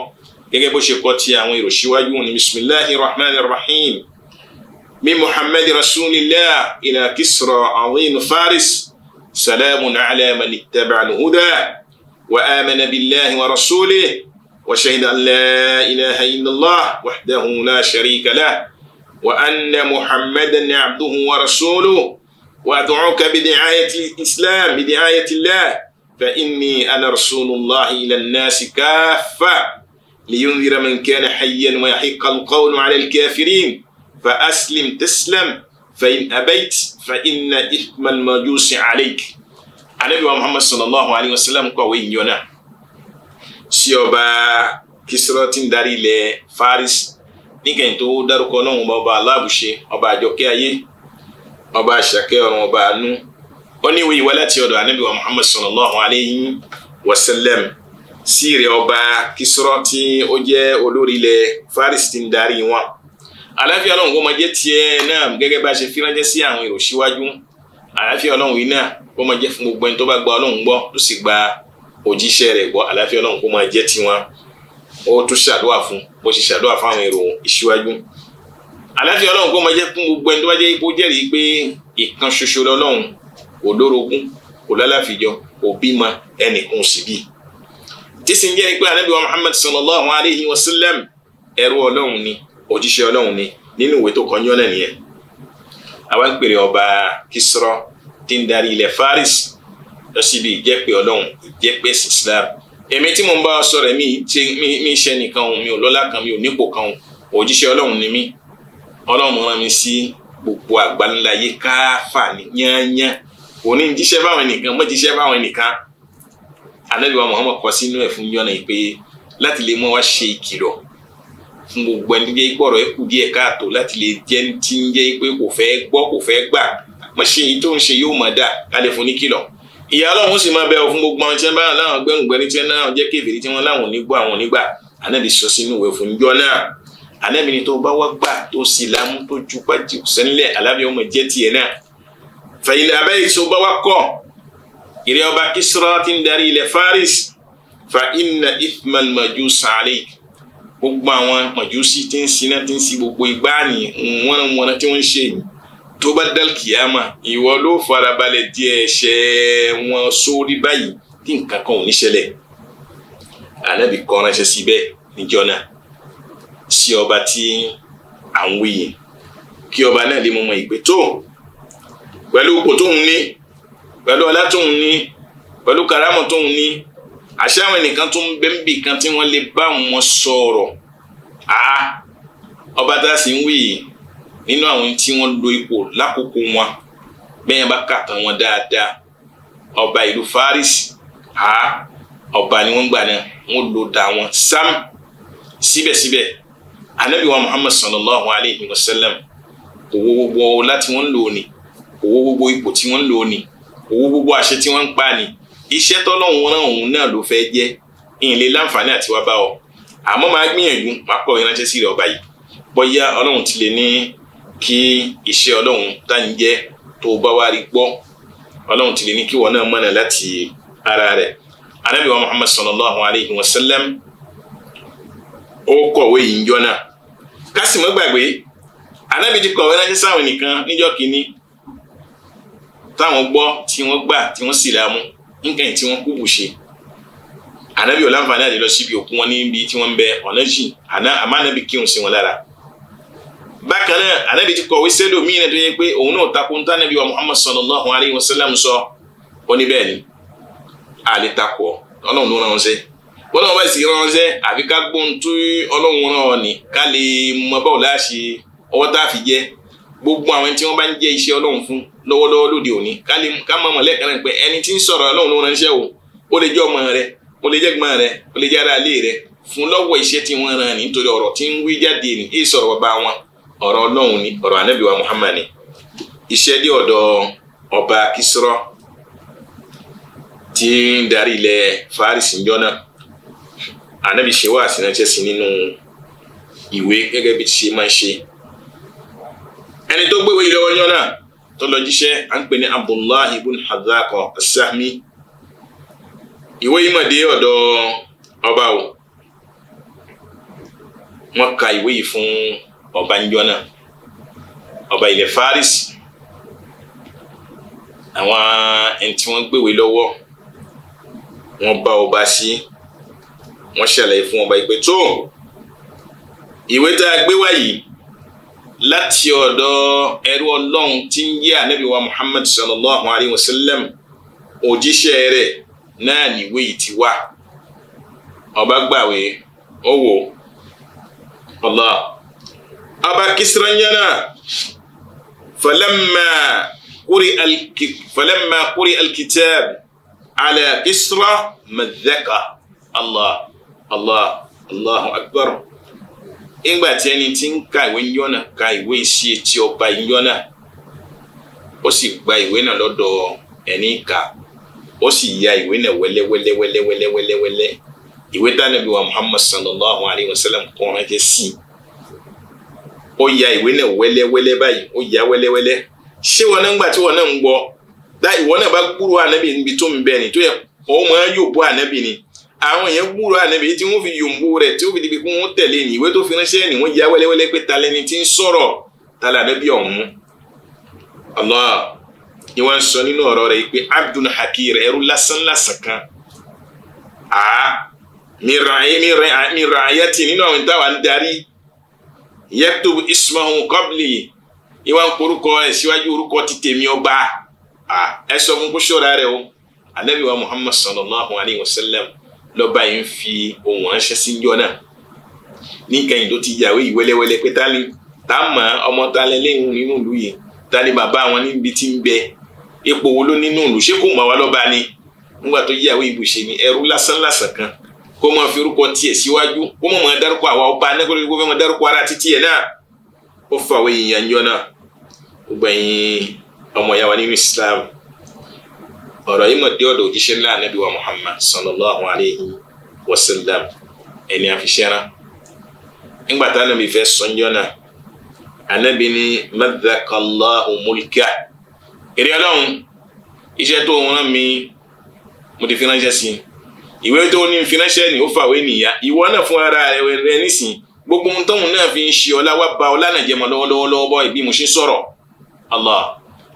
gẹ́gẹ́ bó ṣe kọ ti àwọn èrò síwájú ní bisimilahi rahman rahim mi muhammad rasulillah ila kisra awin faris salamu ala man ittaba'al huda wa amana billahi wa rasulih wa shahida an la ilaha illallah wahdahu la sharika lah wa anna muhammadan abduhu wa rasuluhu. وأدعوك بدعاية الإسلام بدعاية الله فإني أنا رسول الله إلى الناس كافة لينذر من كان حيا ويحق القول على الكافرين فأسلم تسلم فإن أبيت فإن إثم المجوس عليك النبي محمد صلى الله عليه وسلم قوي يونا سيوبا كسرى داري لفارس نيكا انتو دارو كونو مبابا الله بشي مبابا جوكي ọba àṣàkẹ́ ọ̀run ọba àánú ó ní ìwé ìwá láti ọ̀dọ̀ ànábì wa muhammad sallallahu alayhi wa sallam sí rẹ̀ ọba kisrọ́ tí ó jẹ́ olórí ilẹ̀ faris tí ń darí wọn àlàáfíà ọlọ́run kó máa jẹ́ tiẹ̀ náà gẹ́gẹ́ bá a ṣe fíránjẹ́ sí àwọn èrò síwájú àlàáfíà ọlọ́run yìí náà kó máa jẹ́ fún gbogbo ẹni tó bá gba ọlọ́run gbọ́ tó sì gba òjíṣẹ́ rẹ̀ gbọ́ àlàáfíà ọlọ́run kó tiwọn ó tún ṣàdúrà fún bó ṣe ṣàdúrà fún àwọn èrò ìṣíwájú aláfi ọlọ́run kó máa jẹ́ fún gbogbo ẹni tó bá jẹ́ ipò jẹ́rìí pé ìkan ṣoṣo lọ́lọ́run kò lórogún kò lálàfíjọ kò bímọ ẹnìkan sì bí. tí sì ń jẹ́rìí pé anábìwá Muhammad sallallahu alayhi wa sallam ẹrú ọlọ́run ni òjíṣẹ́ ọlọ́run ni nínú ìwé tó kọjọ́ náà nìyẹn. àwa ń pèrè ọba Kisra tí ń darí ilẹ̀ Faris lọ síbi ìjẹ́pẹ́ ọlọ́run ìjẹ́pẹ́ Islam èmi tí mo ń bá sọ̀rọ̀ mi ṣe nìkan mi ò lọ́lá kan mi ò nípò kan òjíṣẹ́ ọlọ́run ni mí ọlọ́run rán mi sí gbogbo àgbáńláyé káfà ní yányán òní ń jíṣẹ́ fáwọn ẹnìkan mọ́ jíṣẹ́ fáwọn ẹnìkan ànábì wa Muhammad kọ sínú ẹ̀ fún yọ́nà yìí pé láti lè mọ́ wá ṣe ìkìlọ̀ fún gbogbo ẹni jẹ́ gbọ́rọ̀ ẹ kù díẹ̀ káàtó láti lè jẹ́ ti ń jẹ́ pé kò fẹ́ gbọ́ kò fẹ́ gbà mọ̀ ṣe èyí tó ń ṣe yóò mọ̀ dà ká fún ní kìlọ̀ ìyá ọlọ́run sì máa bẹ fún gbogbo àwọn tí wọ́n bá láwọn gbẹ̀rùngbẹ̀rún tí wọ́n láwọn jẹ́ kéferì tí wọ́n láwọn ò àwọn ò ní gbà sọ sínú ìwé fún yọ́nà anamini tó bá wá gbà tó sì lámú tó ju pàjì sẹ́nilẹ̀ alábẹ́ ọmọ jẹ́ tiẹ̀ náà fẹ̀yìnlẹ̀ abẹ́yẹ tó bá wá kọ̀ ìrẹ́ ọba Kisra ti ń darí ilẹ̀ Faris fa inna ifman majus alayk gbogbo àwọn majusi ti ń siná ti ń si gbogbo igbá ni wọnàwọnà tí wọ́n ń ṣe yìí tó bá dálkìyàmà ìwọ ló farabalẹ̀ díẹ̀ ṣẹ́ wọn sórí báyìí tí nǹkan kan ò ní ṣẹlẹ̀ ànábì kọ́ran síbẹ̀ níjọ́ náà sí ọba tí à ń wí yìí kí ọba náà lè mọ ọmọ ìgbé tó pẹ̀lú ipò tóun ní pẹ̀lú ọlá tóun ní pẹ̀lú karamu tóun ní àṣẹ àwọn ẹnìkan tó ń bẹ kan tí wọ́n lè bá wọn sọ̀rọ̀ àá ọba tá a sì ń wí yìí nínú àwọn tí wọ́n lo ipò lákòókò wọn bẹ́ẹ̀ bá kàtàn wọn dáadáa ọba ìlú Faris àá ọba ni wọ́n gbà náà wọ́n lo dà wọn sam síbẹ̀síbẹ̀ anabi muhammad sallallahu alayhi wa sallam owó gbogbo ọlá tí wọ́n ń lò ní owó gbogbo ipò tí wọ́n ń lò ní owó gbogbo àṣẹ tí wọ́n ń pa ní iṣẹ́ tọ́lọ́hún rán òun náà ló fẹ́ jẹ́ ìyìnlẹ̀ láǹfààní àti wá bá ọ àmọ́ máa gbìyànjú máa kọ̀ ìránṣẹ́ sí rẹ̀ ọba yìí bóyá ọlọ́run ti lè ní kí iṣẹ́ ọlọ́run táyìn jẹ́ tó bá wá rí gbọ́ ọlọ́run ti lè ní kí wọn náà mọ̀nà láti ara rẹ̀ anábìwá muhammad sallallahu alayhi wa sallam ó kọ̀wé yìí ń jọ náà kásìmọ́ gbàgbé anábì ti kọ̀wé ránṣẹ́ sáwọn nìkan níjọ́ kínní táwọn gbọ́ tí wọ́n gbà tí wọ́n sì lámú nǹkan tí wọ́n kúbù ṣe anábì ọ̀làǹfààní àdìlọ síbi òkú wọn níbi tí wọ́n ń bẹ ọ̀nà jìn àmọ́ anábì kírun sí wọn lára bákan náà anábì ti kọ̀wé sẹ́dọ̀ míì tó yẹ pé òun náà takò ń tánàbí wa muhammad sallallahu alayhi wa sallam sọ ó ní ni àlè takò ọlọ́run ló rán wọn sẹ́yìn bọ́lá wọn bá sì ránṣẹ́ àfi ká gbóhùn tún ọlọ́run rán ọ ká lè mọ báwo láà ọwọ́ tá a fi jẹ gbogbo àwọn tí wọ́n bá ń jẹ́ iṣẹ́ ọlọ́run fún lọ́wọ́lọ́wọ́ lóde òní ká lè ká mọ̀ mọ̀lẹ́kan náà pé ẹni tí ń sọ̀rọ̀ ọlọ́run ló ránṣẹ́ o ó lè jẹ́ ọmọ rẹ ó lè jẹ́ gbọ́n rẹ ó lè jẹ́ ara ilé rẹ fún lọ́wọ́ iṣẹ́ tí wọ́n rán ni nítorí ọ̀rọ̀ tí ń wí jáde ni èyí sọ̀rọ̀ bàbá wọn ọ̀rọ̀ ọlọ́run ni ọ̀rọ̀ anábìwá Muhammad ni iṣẹ́ dé ọ̀dọ̀ ọba Kisra tí ń darí ilẹ̀ Faris njọ́ náà ànábì ṣe wáàsí ránṣẹ́ sí nínú ìwé gẹ́gẹ́ bí ti ṣe máa ń ṣe ẹni tó gbéwèé ìlọ́wọ́ yán náà tó lọ jíṣẹ́ à ń pè ní abdullahi ibn hadaka sahmi ìwé yìí mà dé ọ̀dọ̀ ọba o wọ́n ka ìwé yìí fún ọba ń jọ́ náà ọba ilẹ̀ faris àwọn ẹni tí wọ́n gbéwèé lọ́wọ́ wọ́n bá ọba sí. Si wọ́n ṣàlàyé fún ọba ìpè tó ìwé tá a gbé wá yìí láti ọ̀dọ̀ ẹrú ọlọ́run tí ń yé ànábì wa muhammad sallallahu alayhi wa sallam òjíṣẹ́ rẹ̀ náà níwé yìí ti wá ọba gbàwé ó wò Allah ọba kìsìrànyánà falamma kúri alki falamma kúri alkitab ala kisra madaka Allah allah allahu akbar ìgbà tí ẹni tí ń ka ìwé yọ́nà ka ìwé sí etí ọba yọ́nà ó sì gba ìwé náà lọ́dọ̀ ẹni kà ó sì ya ìwé náà wẹ́lẹ́wẹ́lẹ́wẹ́lẹ́wẹ́lẹ́wẹ́lẹ́ ìwé tánàbí wa muhammad sallallahu alayhi wa sallam kọ́ ọ́n ránṣẹ́ sí i ó ya ìwé náà wẹ́lẹ́wẹ́lẹ́ báyìí ó ya wẹ́lẹ́wẹ́lẹ́ ṣé wọn náà ń gbà tí wọn náà ń gbọ́ láì wọn náà bá gbúrò ànábì níbi tó ń bẹ ni tó yẹ òun yóò bọ́ ànábì ni àwọn èèyàn gbúrò ànábì tí wọ́n fi yòǹbó rẹ̀ tí ó fi di pé kí wọ́n tẹ̀lé ní ìwé tó fi ránṣẹ́ ni wọ́n ya wẹ́lẹ́wẹ́lẹ́ pé ta lẹni tí ń sọ̀rọ̀ ta lẹ ànábì ọ̀hún. Allah ni wọ́n sọ nínú ọ̀rọ̀ rẹ̀ pé abdul hakir ẹrú lásán lásán kan a mi ra ayé tì nínú àwọn ìtawà ń darí yaktubu ismahu qabli ìwà ń korúkọ ẹ síwájú orúkọ ti tèmi ọba ẹ sọ fún kó ṣọ́ra rẹ o anabi wa muhammad sallallahu alayhi wa sallam lọ́ba yìí ń fi ohun ránṣẹ́ sí níjọ́ náà ní tó ti yàwé yìí wẹ́lẹ́wẹ́lẹ́ pé tá a mọ̀ ọmọ tá a lẹ léhùn nínú ìlú yìí tá a lè bàbá wọn níbi tí ń bẹ ipò wo ló nínú ìlú ṣé kò mọ̀ wá lọ́ba ni nígbà tó yàwé yìí bù ṣe ni ẹrú lásán lásán kan kó mọ̀ fi orúkọ tiẹ̀ síwájú kó mọ̀ mọ̀ dárúkọ àwa ọba anẹ́kọ̀ọ́ kó fẹ́ mọ̀ dárúkọ ara títí ẹ̀ náà ó fà wọ náà gbogbo ẹ̀yin ọmọ ìyá nínú Islam ọ̀rọ̀ yìí mọ̀ dé ọ̀dọ̀ òjíṣẹ́ ńlá ànábì wa Muhammad sallallahu alayhi wa sallam ẹni àfiṣẹ́ra nígbà tá ànábì fẹ́ sọ́njọ́ náà ànábì ní madhakallahu mulka èrè ọlọ́run iṣẹ́ tó ń rán mi mo ti fi ránṣẹ́ sí i ìwé tó ní fi ránṣẹ́ ni ó fàwé nìyá ìwọ náà fún ara rẹ nísìn gbogbo ohun tóun náà fi ń ṣe ọlá wá ba ọlá náà lọ́wọ́lọ́wọ́ bọ́ ìbí mo ṣe sọ̀rọ̀ Allah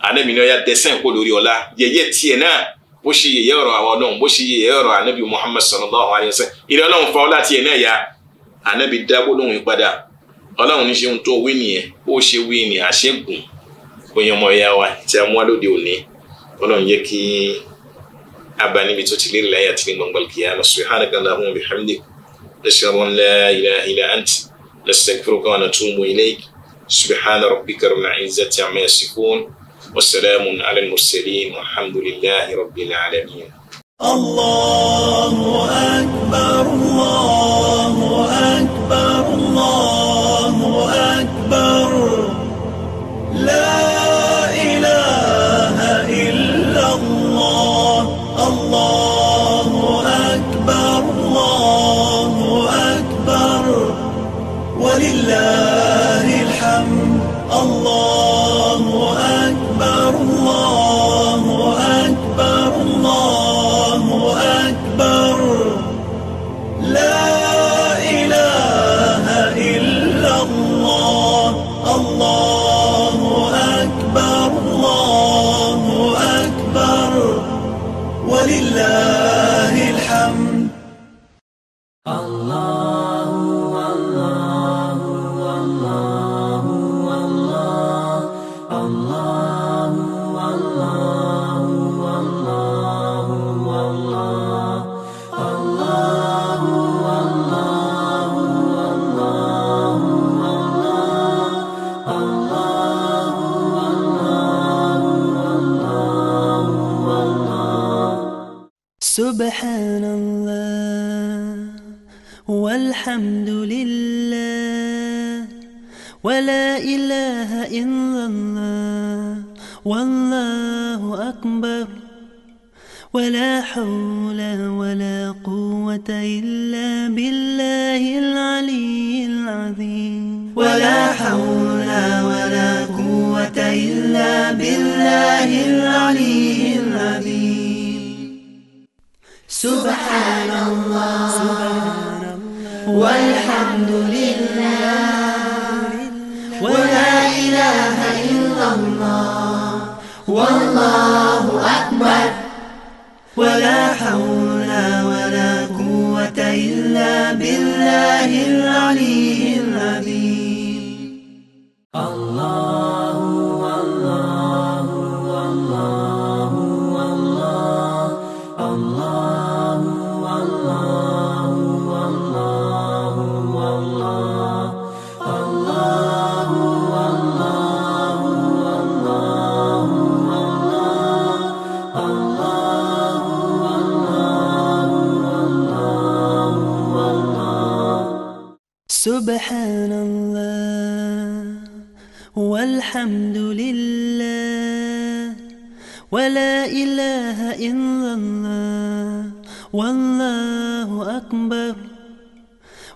anabi náà ya dẹ́sẹ̀ kó lórí ọ̀la yẹyẹ tiẹ̀ náà bó ṣe yẹyẹ ọ̀rọ̀ àwọn ọlọ́run bó ṣe yẹyẹ ọ̀rọ̀ anabi muhammad sallallahu alayhi wa sallam ilé ọlọ́run fa ọlá tiẹ̀ náà ya anabi dágbó lóhùn yìí padà ọlọ́run ní ṣe ń tó wí nìyẹn ó ṣe wí ni àṣẹ́gun oyinmọ̀ ya wa tí a mú alóde òní ọlọ́run yẹ kí abani bi tó ti lé láyà tí ní gbọ̀ngbọ̀n kìí àmà subhanaka allahumma bihamdik nashhadu an la ilaha illa ant nastaghfiruka wa natubu وسلام على المرسلين والحمد لله رب العالمين الله أكبر الله أكبر الله أكبر لا إله إلا الله الله الحمد لله ولا إله إلا الله والله أكبر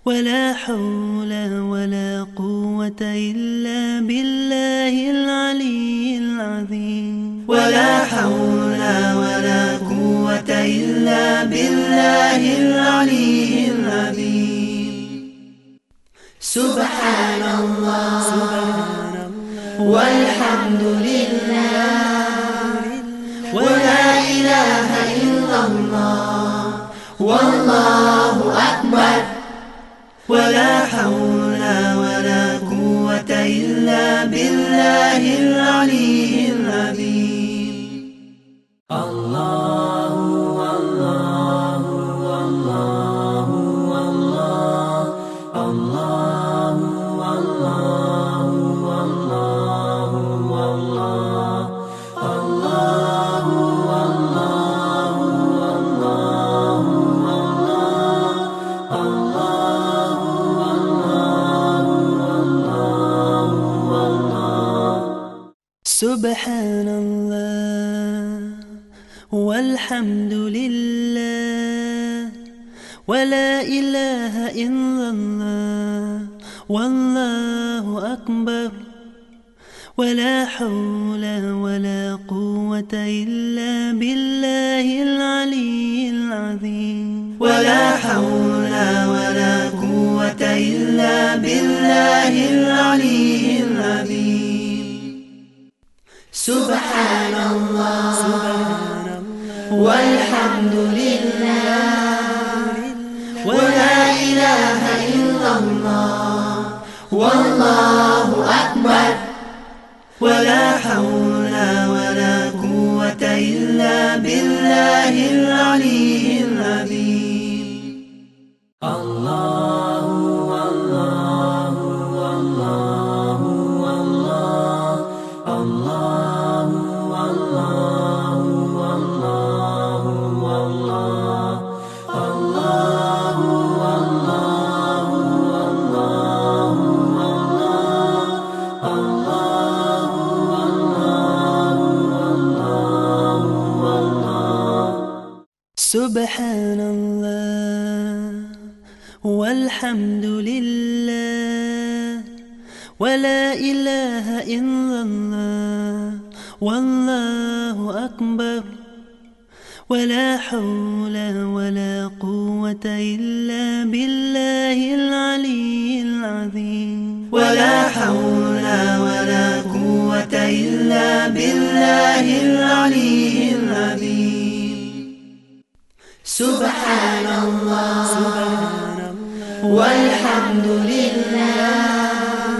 ولا حول ولا قوة إلا بالله العلي العظيم ولا حول ولا قوة إلا بالله العلي العظيم سبحان الله سبحان والحمد لله ولا إله إلا الله والله أكبر ولا حول ولا قوة إلا بالله العلي العظيم الله سبحان الله والحمد لله ولا إله إلا الله والله أكبر ولا حول ولا قوة إلا بالله العلي العظيم ولا حول ولا قوة إلا بالله العلي العظيم سبحان الله, سبحان الله والحمد لله ولا إله إلا الله والله أكبر ولا حول سبحان الله والحمد لله ولا إله إلا الله والله أكبر ولا حول ولا قوة إلا بالله العلي العظيم ولا حول ولا قوة إلا بالله العلي العظيم سبحان الله, سبحان الله والحمد لله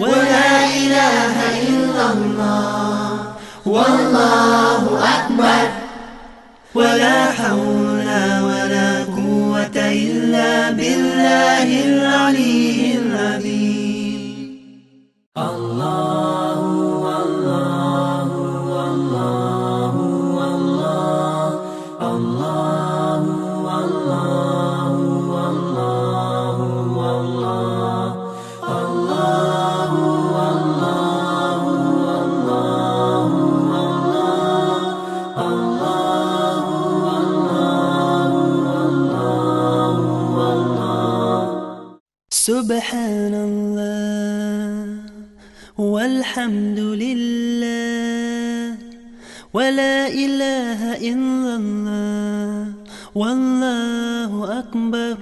ولا إله إلا الله والله أكبر ولا حول ولا قوة إلا بالله العلي العظيم الله سبحان الله والحمد لله ولا إله إلا الله والله أكبر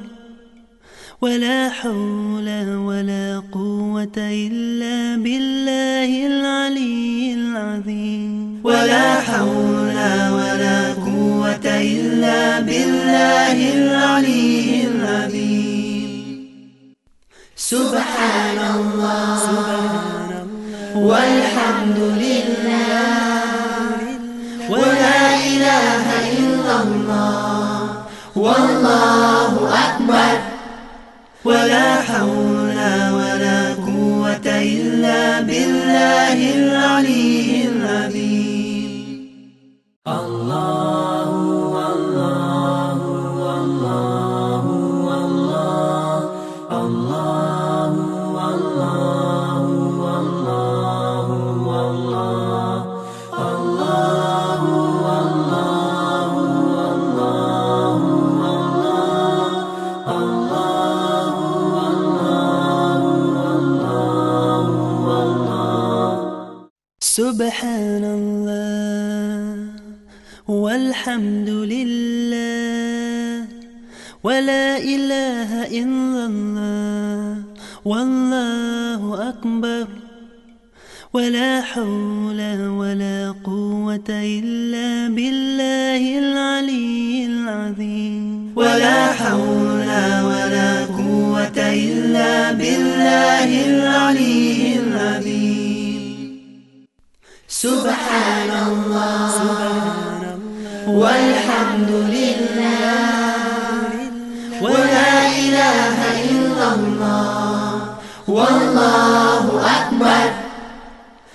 ولا حول ولا قوة إلا بالله العلي العظيم ولا حول ولا قوة إلا بالله العلي سبحان الله, سبحان الله والحمد لله ولا إله إلا الله والله أكبر ولا حول سبحان الله والحمد لله ولا إله إلا الله والله أكبر ولا حول ولا قوة إلا بالله العلي العظيم ولا حول ولا قوة إلا بالله العلي العظيم سبحان الله والحمد لله ولا إله إلا الله والله أكبر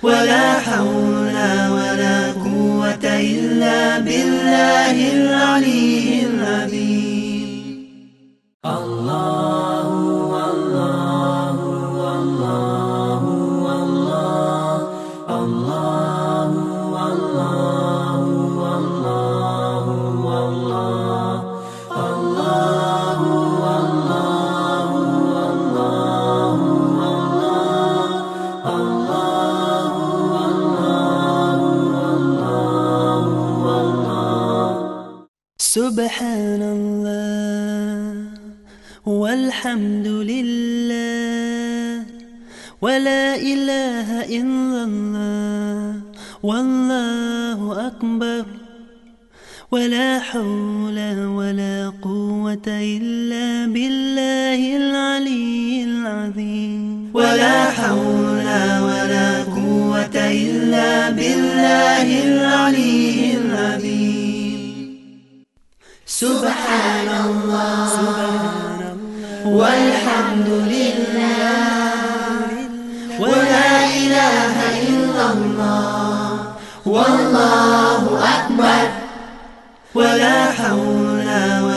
ولا حول ولا قوة إلا بالله العلي سبحان الله والحمد لله ولا إله إلا الله والله أكبر ولا حول ولا قوة إلا بالله العلي العظيم ولا حول ولا قوة إلا بالله العلي العظيم سبحان الله, سبحان الله والحمد لله ولا إله إلا الله والله أكبر ولا حول ولا